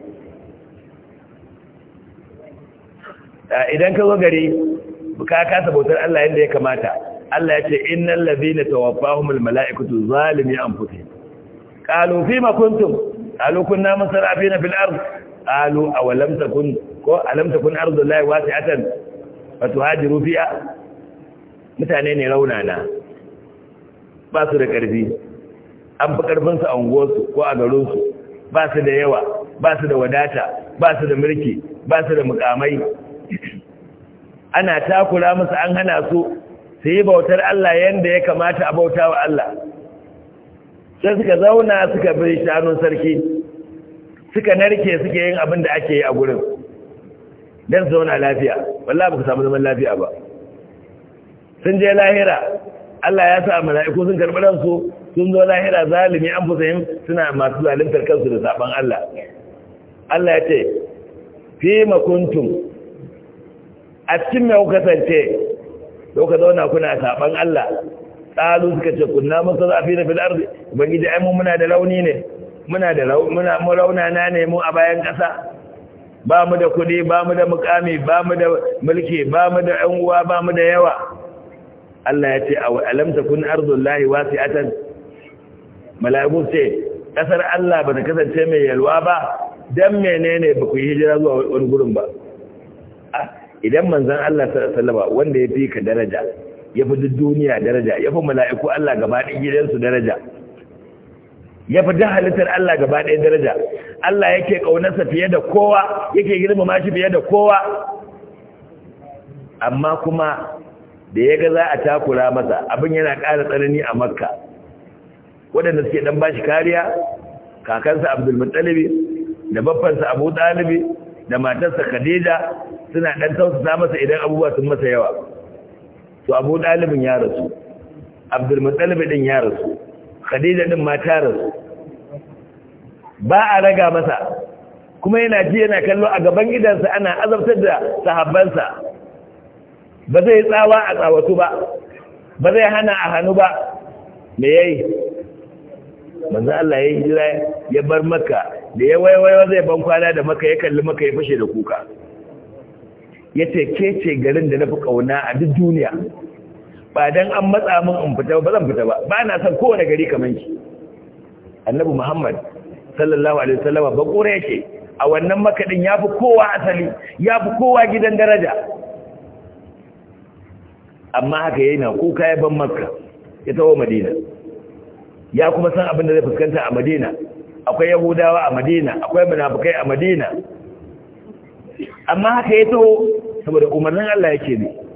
Speaker 1: ah, idan ka zo gari ka kasa bautar Allah yadda ya kamata Allah ya ce innal ladhina tawaffahumul malaikatu zalimi anfusih qalu fima kuntum qalu kunna musrafina fil ard qalu awalam takun ko alam takun ardullahi wasi'atan wa tuhajiru fiha mutane ne raunana ba su da ƙarfi an fi ƙarfinsu a unguwarsu ko a garinsu ba su da yawa ba su da wadata ba su da mulki ba su da mukamai ana takura musu an hana su su yi bautar Allah yadda ya kamata a bauta wa Allah sai suka zauna suka bi shanun sarki suka narke suke yin abin da ake yi a gurin don zauna lafiya wallahi baka samu zaman lafiya ba sun je lahira Allah ya sa mala'iku sun karɓi ransu sun zo lahira zalimi an fusayin suna masu zalimtar kansu da saban Allah Allah ya ce fi makuntum a cikin mai kuka sance da zauna kuna saban Allah tsalu suka ce kunna musu za a fi rafin arzi ubangiji ai mu muna da rauni ne muna da na ne mu a bayan ƙasa ba mu da kudi ba mu da mukami ba mu da mulki ba mu da 'yan'uwa, uwa ba mu da yawa Allah ya ce alam takun ardullahi wasi'atan mala'iku ce kasar Allah ba ta kasance mai yalwa ba dan menene ba ku yi hijira zuwa wani gurin ba ah, idan manzon Allah sallallahu alaihi wasallam wanda ya fi ka daraja ya fi duk duniya daraja ya fi mala'iku Allah gaba ɗin gidansu daraja ya fi halittar Allah gaba ɗaya daraja Allah yake ƙaunarsa fiye da kowa yake girmama shi fiye da kowa amma kuma da ya ga za a takura masa abin yana ƙara tsanani a makka waɗanda suke ɗan bashi kariya kakansa abdulmuttalibi da babbansa abu ɗalibi da matarsa khadija suna ɗan tausasa masa idan abubuwa sun masa yawa to abu ɗalibin ya rasu abdulmuttalibi ɗin ya rasu khadija din mata rasu ba a raga masa kuma yana ji yana kallo a gaban gidansa ana azabtar da sahabbansa ba zai tsawa a tsawatu ba ba zai hana a hannu ba me yayi manzo Allah ya hijira ya bar maka da ya waiwai zai ban kwana da maka ya kalli maka ya fashe da kuka yace ke garin da nafi kauna a duk duniya ba dan an matsa min in fita ba zan fita ba ba na san kowane gari kamar ki. annabi muhammad sallallahu alaihi wasallam ba kore yake a wannan makadin yafi kowa asali yafi kowa gidan daraja amma haka yana kuka ya ban makka ya tawo madina ya kuma san abin da zai fuskanta a madina akwai yahudawa a madina akwai munafukai a madina amma haka ya taho saboda umarnin Allah yake ne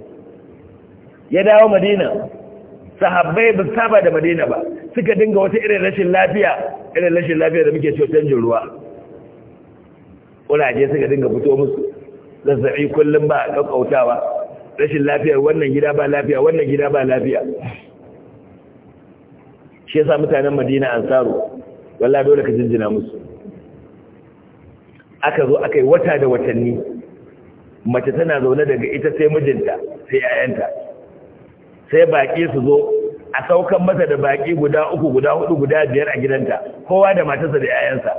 Speaker 1: ya dawo madina sahabbai ba saba da madina ba suka dinga wata irin rashin lafiya irin rashin lafiya da muke ciwo canjin ruwa ƙuraje suka dinga fito musu zazzabi kullum ba a ƙaƙautawa rashin lafiyar wannan gida ba lafiya wannan gida ba lafiya shi yasa mutanen madina ansaru wallahi dole ka jinjina musu aka zo aka yi wata da watanni mace tana zaune daga ita sai mijinta sai 'ya'yanta sai baƙi su zo a saukan masa da baƙi guda uku guda hudu guda biyar a gidanta kowa da matarsa da 'ya'yansa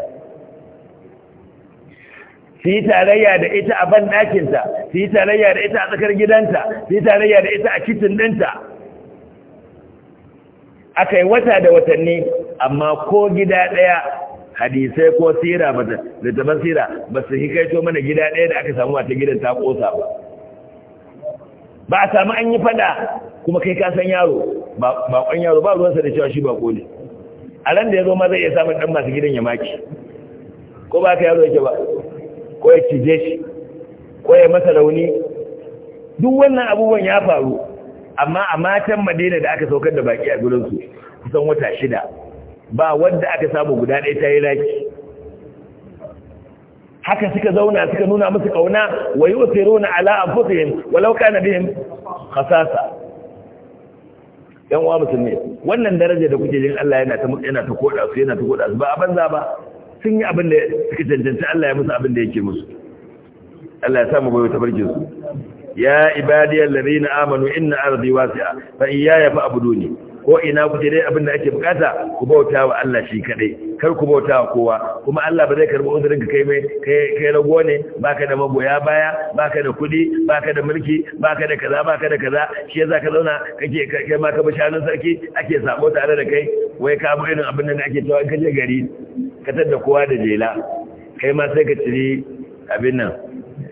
Speaker 1: su yi tarayya da ita a ban ɗakinta su yi tarayya da ita a tsakar gidanta su yi tarayya da ita a kicin ɗinta aka yi wata da watanni amma ko gida ɗaya hadisai ko sira ba da taban sira ba su mana gida ɗaya da aka samu wata gidan ta ƙosa ba ba a samu an yi fada kuma kai ka san yaro bakon yaro ba ruwansa da cewa shi ba koli a ran da ya zo ma zai iya samun dan masu gidan ya maki ko ba ka yaro yake ba ko ya cije shi ko ya masa rauni duk wannan abubuwan ya faru amma a matan madina da aka saukar da baki a gurinsu kusan wata shida ba wanda aka samu guda ɗaya ta yi laki. haka suka zauna suka nuna musu kauna wa yi ala anfusihim walau kana bihim khasasa yan uwa musulmi wannan daraja da kuke jin Allah yana ta yana ta koda su yana ta koda su ba a banza ba sun yi abin da suka cancanci Allah ya musu abin da yake musu Allah ya samu mu ta barkin su ya ibadiyal ladina amanu inna ardi wasi'a fa iyaya abuduni ko ina ku je dai abin da ake bukata ku bauta wa Allah shi kadai kar ku bauta wa kowa kuma Allah ba zai karbi uzurin ka kai mai kai kai rago ne baka da magoya baya baka da kudi baka da mulki baka da kaza baka da kaza shi yasa ka zauna kake kai ma ka bi shanun sarki ake sabo tare da kai wai ka bi irin abin da ake cewa in kaje gari ka tada kowa da jela kai ma sai ka ciri abin nan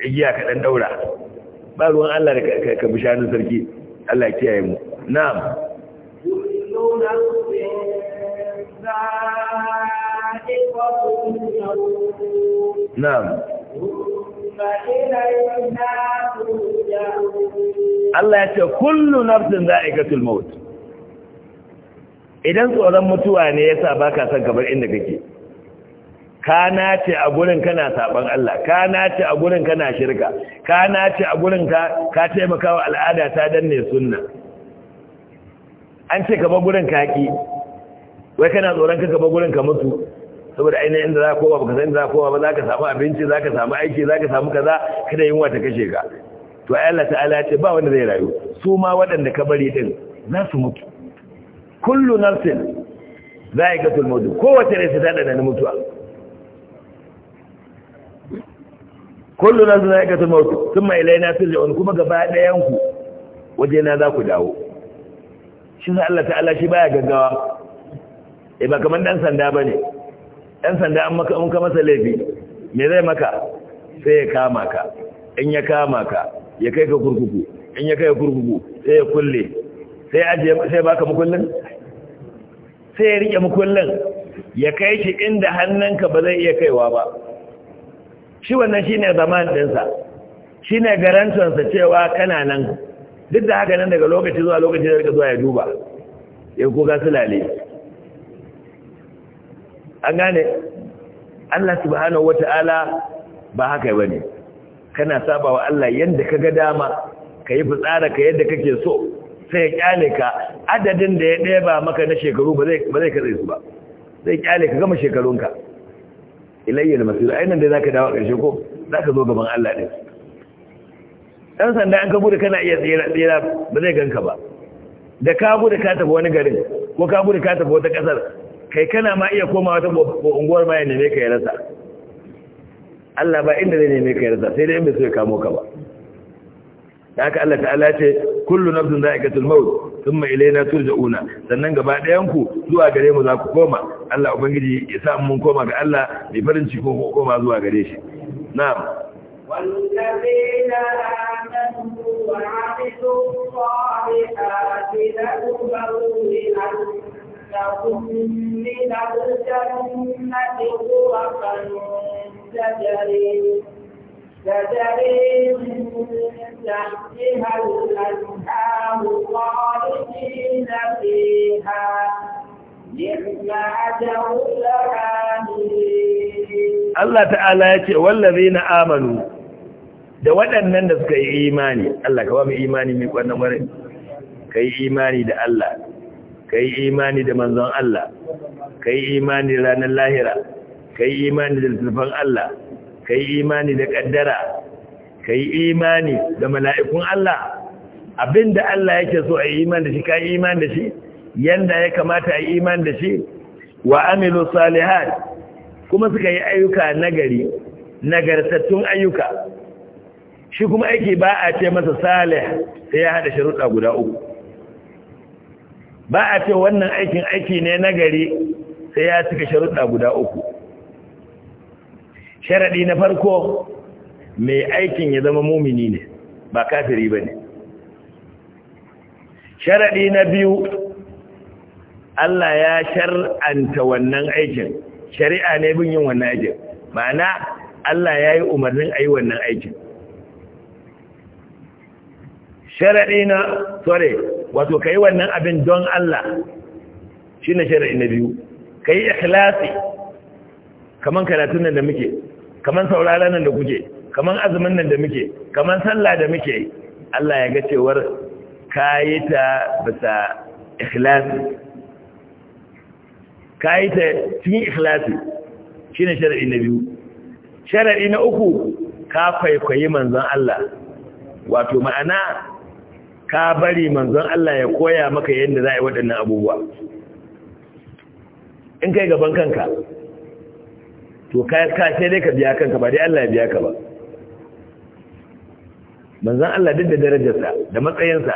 Speaker 1: igiya ka dan daura ba ruwan Allah da ka bi shanun sarki Allah ya kiyaye mu na'am Na'am. Allah ya ce, Kullu nafsin za'igatul maut. Idan tsoron mutuwa ne ya sa ba ka son kamar inda kake, ka nace a gurin kana saɓon Allah, ka nace a gurin kana shirka, ka nace a gurin ka taimaka wa al'ada ta danne sunna. An ce, Kaba gurin kaki, wai kana tsoron ka kaba gurin ka mutu. saboda ainihin inda za ka koma baka san inda za ka koma ba za ka samu abinci za ka samu aiki za ka samu kaza kada yunwa ta kashe ka to ai Allah ta'ala ya ce ba wanda zai rayu su ma waɗanda ka bari din za su mutu kullu nafsin za'iqatul maut kowace rai ta dada da mutuwa kullu nafsin za'iqatul maut thumma ilayna turja'un kuma gaba ɗayan ku waje na za ku dawo shi Allah ta'ala shi baya gaggawa eh ba kaman dan sanda bane ɗan sanda an maka ka masa laifi me zai maka sai ya kama ka in ya kama ka ya kai ka kurkuku in ya kai ka kurkuku sai ya kulle sai ajiye sai baka mukullin sai ya rike mukullin ya kai shi inda hannunka ba zai iya kaiwa ba shi wannan ne zaman shi ne garantansa cewa kana nan duk da haka nan daga lokaci zuwa lokaci da rika zuwa ya duba ya kuka sulale an gane Allah subhanahu wata'ala ba haka bane kana sabawa Allah yanda kaga dama kayi fitsara ka yadda kake so sai ya kyale ka adadin da ya ɗeba maka na shekaru ba zai ba zai kare su ba zai kyale ka gama shekarunka ilayya al-masir ainihin da zaka dawo ƙarshe ko zaka zo gaban Allah din dan sanda an ka bude kana iya tsira tsira ba zai ganka ba da ka bude ka tafi wani garin ko ka bude ka tafi wata kasar kai kana ma iya komawa ta unguwar ma ya neme ka ya rasa Allah ba inda zai neme ka ya rasa sai dai in bai so ya kamo ka ba da haka Allah ta'ala ce kullu nafsin za'iqatul maut thumma ilayna turja'una sannan gaba ɗayan ku zuwa gare mu za ku koma Allah ubangiji ya sa mun koma ga Allah mai farin ciki ko koma zuwa gare shi na'am
Speaker 2: والذين آمنوا وعملوا الصالحات لنبوئنهم لهم من الجنة غرفا تجري تجري من تحتها الأنهار خالدين فيها نعم أجر العاملين
Speaker 1: الله تعالى يقول والذين آمنوا da waɗannan da suka yi imani Allah ka ba mu imani mai kwanan warin ka yi imani da Allah ka yi imani da manzon Allah ka yi imani da ranar lahira ka yi imani da littattafan Allah ka yi imani da ƙaddara ka yi imani da mala'ikun Allah abinda Allah yake so a yi imani da shi ka yi imani da shi yanda ya kamata a yi imani da shi wa amilu salihat kuma suka yi ayyuka nagari nagartattun ayyuka shi kuma aiki ba a ce masa salih sai ya haɗa sharuɗa guda uku ba a ce wannan aikin aiki ne na gari sai ya cika sharuɗa guda uku sharaɗi na farko mai aikin ya zama mumini ne ba kafiri ba ne sharaɗi na biyu Allah ya shar'anta wannan aikin shari'a ne bin yin wannan aikin ma'ana Allah ya yi umarnin a yi wannan aikin sharaɗi na sorry wato ka yi wannan abin don Allah shi na shari'i na biyu ka yi ikhlasi kaman karatun nan da muke kaman sauraron nan da kuke kaman azumin nan da muke kaman sallah da muke Allah ya ga cewar ka yi ta bisa ikhlasi ka yi ta cikin ikhlasi shi ne shari'i na biyu shari'i na uku ka kwaikwayi manzon Allah wato ma'ana ka bari manzon Allah ya koya maka yadda za a yi waɗannan abubuwa in kai gaban kanka to ka sai dai ka biya kanka ba dai Allah ya biya ka ba manzon Allah duk da darajarsa da matsayinsa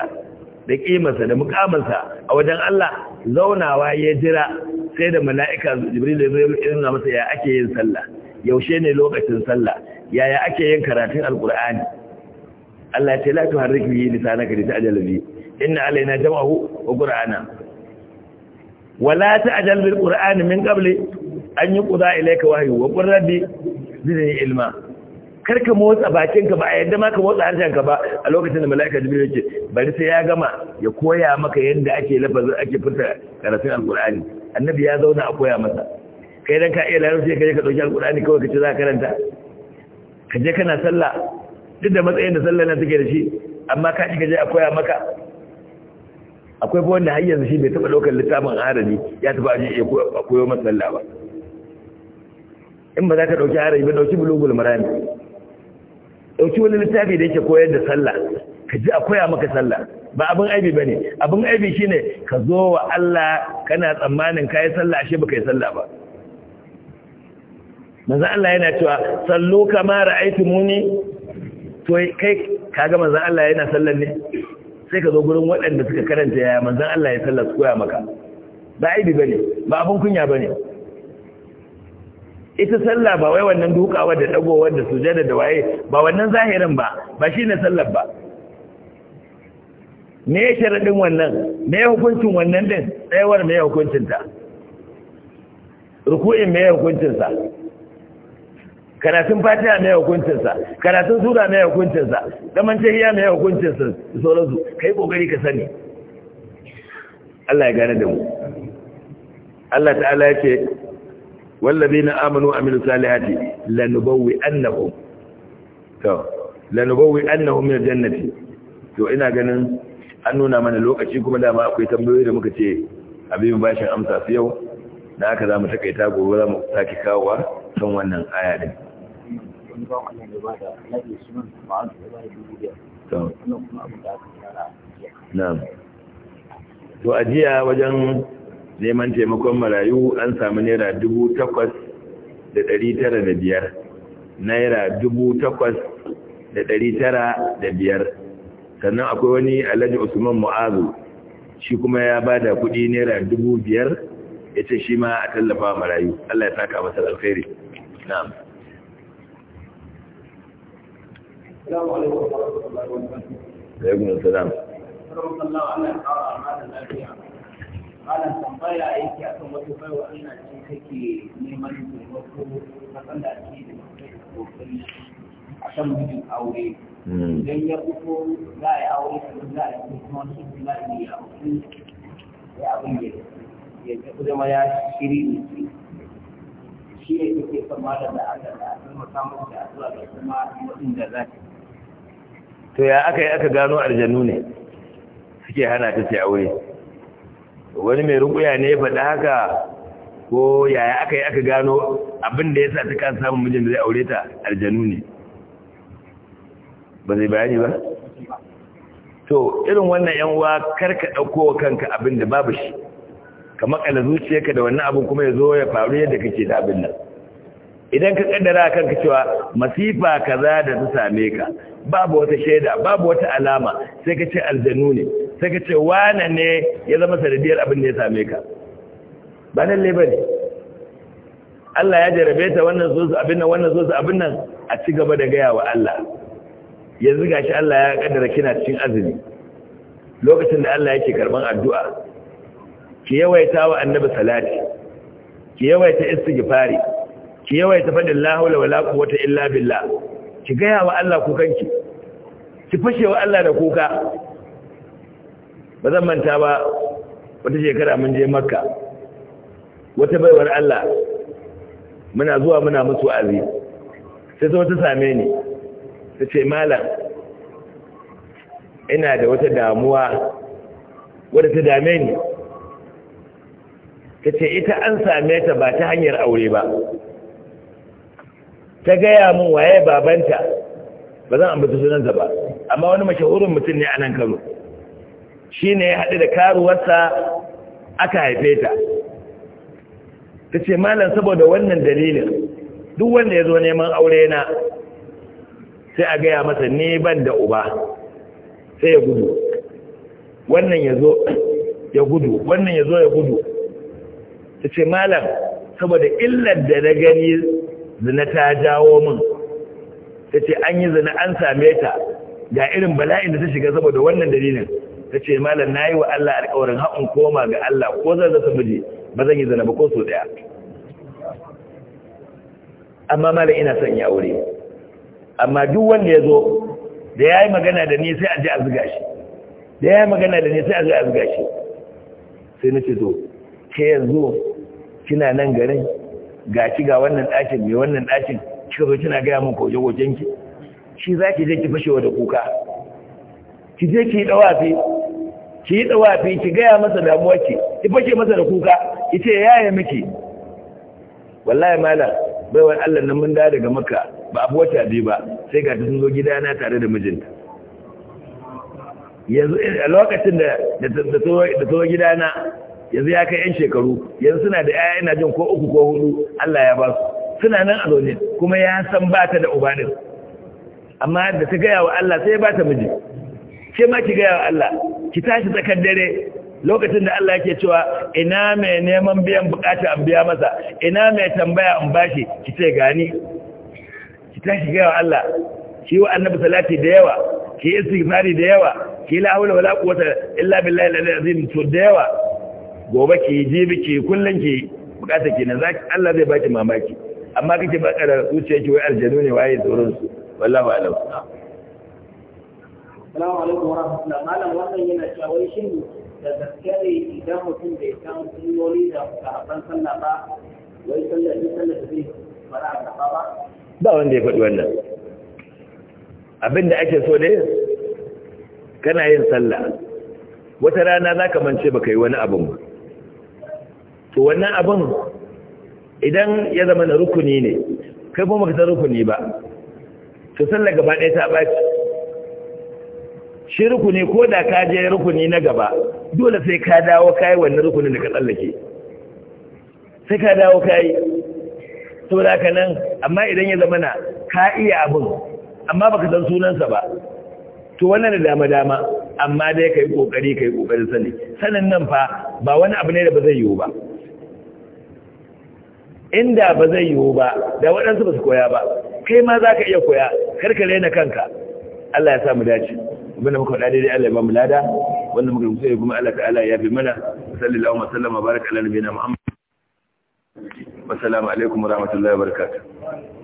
Speaker 1: da kimarsa da mukamansa a wajen Allah zaunawa ya jira sai da mala'ika Jibril ya zo irin masa ya ake yin sallah yaushe ne lokacin sallah yaya ake yin karatun alkur'ani Allah ya ce la tuharrik bihi lisanaka lita'jala bihi inna alaina jam'ahu wa qur'ana wala ta'jal bil qur'ani min qabli an yuqda ilayka wahyu wa qur rabbi zidni ilma karka motsa bakinka ba a yadda maka motsa harshenka ba a lokacin da mala'ika jibril yake bari sai ya gama ya koya maka yadda ake lafazi ake fita karatun alqur'ani annabi ya zauna a koya masa kai dan ka iya larabci kai ka dauki alqur'ani kawai ka ce za ka karanta ka je kana sallah duk da matsayin da sallar nan take da shi amma ka shiga je a koya maka akwai ko wanda har yanzu shi bai taɓa ɗaukar littafin harami ya taba aji ya koyo masa sallah ba in ba za ka ɗauki harami ba ɗauki bulugul marami ɗauki wani littafi da yake koyar da sallah ka ji a koya maka sallah ba abin aibi ba ne abin aibi shi ne ka zo wa Allah kana tsammanin ka yi sallah ashe ba ka yi sallah ba manzo Allah yana cewa sallu kama ra'aytumuni muni to kai kaga manzon Allah yana sallar ne sai ka zo gurin waɗanda suka karanta yaya manzon Allah ya sallar su koya maka ba aibi bane ba abun kunya bane ita sallah ba wai wannan dukawa da dagowar da sujada da waye ba wannan zahirin ba ba shine sallar ba me ya sharadin wannan me ya hukuncin wannan din tsayawar me ya hukuncin ta ruku'in me ya hukuncin sa karatun fatiha mai hukuncinsa karatun sura mai hukuncinsa zaman tahiya mai hukuncinsa sauransu kai kokari ka sani Allah ya gane da mu Allah ta'ala ya ce wallazina amanu wa amilus salihati lanubawwi annahum to lanubawwi annahum min jannati to ina ganin an nuna mana lokaci kuma dama akwai tambayoyi da muka ce abin bashin amsa su yau na aka za mu takaita gobe za mu sake kawowa kan wannan aya din
Speaker 2: wani bawan Allah da ba da alaƙi sunan da ba da dubu biyar. Wannan kuma abin da aka kira
Speaker 1: Na'am. To a jiya wajen neman taimakon marayu an samu naira dubu takwas da ɗari tara da biyar. Naira dubu takwas da ɗari tara da biyar. Sannan akwai wani Alhaji Usman Mu'azu shi kuma ya ba da kuɗi naira dubu biyar ya ce shi ma a tallafa marayu. Allah ya saka masa alkhairi. Na'am. السلام عليكم ورحمة الله وبركاته. عليكم السلام. رحمة الله على القراءة ماذا لا فيها. malam tambaya yake akan wata baiwa Allah ce kake neman taimako na sanda ake da kokari a kan mijin aure hmm. idan ya fito
Speaker 2: za a yi aure kuma za a yi kuma wani shi za a yi a mutum ya abin ya
Speaker 1: ya ya shi ne son malam da aka da da kuma mutum da to ya aka yi aka gano aljanu ne suke hana ta ce aure wani mai rukuya ne ya faɗi haka ko yaya aka yi aka gano abin da ya sa ta kan samun mijin da zai aure ta aljanu ne ba zai bayani ba to irin wannan yan uwa karka dauko wa kanka abin da babu shi ka makala zuciyarka da wannan abin kuma ya zo ya faru yadda kake da abin nan idan ka kaddara kanka cewa masifa kaza da ta same ka babu wata shaida babu wata alama sai ka ce aljanu ne sai ka ce wane ne ya zama sanadiyar abin da ya same ka ba ne ba ne Allah ya jarabe ta wannan so abin nan wannan so abin nan a ci gaba da gaya wa Allah yanzu gashi Allah ya kaddara kina cikin azumi lokacin da Allah yake karban addu'a ki yawaita wa annabi salati ki yawaita istighfari ki yawaita faɗin la haula wala quwwata illa billah ki gaya wa Allah kukanki ki fashe wa Allah da kuka ba zan manta ba wata shekara mun je makka wata baiwar Allah muna zuwa muna musu azi sai ta wata same ni ta ce malam ina da wata damuwa wadda ta dame ni ta ce ita an same ta ba ta hanyar aure ba ta gaya min waye babanta ba zan ambata sunanta ba amma wani mashahurin mutum ne a nan kano shi ne ya haɗu da karuwarsa aka haife ta ta ce malam saboda wannan dalilin duk wanda ya zo neman aure na sai a gaya masa "Ni ban da uba sai ya gudu wannan ya ya gudu wannan ya zo ya gudu ta ce malam saboda illar da na gani zina ta jawo min ta ce an yi zina an same ta ga irin bala'in da ta shiga saboda wannan dalilin ta ce malam na yi wa Allah alƙawarin haƙun koma ga Allah ko zan rasa miji ba zan yi zina ba ko so ɗaya amma malam ina son ya aure amma duk wanda ya zo da ya yi magana da ni sai a ji a zuga shi da ya yi magana da ni sai a ji a zuga shi sai na ce to ke yanzu kina nan garin ga ki ga wannan ɗakin mai wannan ɗakin kika zo kina gaya min koje-kojen ki shi za ki je ki fashewa da kuka ki je ki yi ɗawafi ki yi ɗawafi ki gaya masa damuwa ki ki fashe masa da kuka ki ce yaya miki wallahi malam baiwar Allah nan mun dawo daga Makka ba abu wata biyu ba sai ga sun zo gidana tare da mijinta yanzu a lokacin da ta zo gidana yanzu ya kai 'yan shekaru yanzu suna da 'ya'ya ina jin ko uku ko hudu Allah ya ba su suna nan a zaune kuma ya san ba ta da uba din amma da ta gaya wa Allah sai ya ba ta miji ke ma ki gaya wa Allah ki tashi tsakar dare lokacin da Allah yake cewa ina mai neman biyan bukata an biya masa ina mai tambaya an bashi ki ce gani ki tashi gaya wa Allah ki wa annabi salati da yawa ki istighfari da yawa ki la hawla wala quwwata illa billahi al-azim to da yawa gobe ki jibi ki kullun ki bukata kenan zaki Allah zai baki mamaki amma kake baka da zuciya ki wai aljanu ne waye tsoron su wallahi alam
Speaker 2: Assalamu alaikum warahmatullahi malam wannan yana cewa shin da gaskiya ne idan mutum bai san sunnoni da sahabban sallah ba wai sallah ne sallah da ba za a gaba ba
Speaker 1: ba wanda ya faɗi wannan Abinda da ake so ne kana yin sallah wata rana za ka mance baka yi wani abin ba to wannan abin idan ya zama na rukuni ne kai kuma ka rukuni ba to sallar gaba ɗaya ta ɓaci shi rukuni ko da ka je rukuni na gaba dole sai ka dawo ka yi wannan rukunin da ka tsallake sai ka dawo ka yi saboda ka nan amma idan ya zama na ka iya abin amma baka san sunansa ba to wannan da dama dama amma dai kai kokari kai kokarin sani sanin nan fa ba wani abu ne da ba zai yiwu ba inda ba zai yiwu ba da waɗansu ba su koya ba kai ma za ka iya koya karkare na kanka Allah ya sa mu dace abinda muka faɗa daidai Allah ya ba mu lada wanda muka yi kuma Allah ta'ala ya fi mana sallallahu alaihi wa sallam baraka ala nabiyina muhammad assalamu alaikum wa rahmatullahi wa barakatuh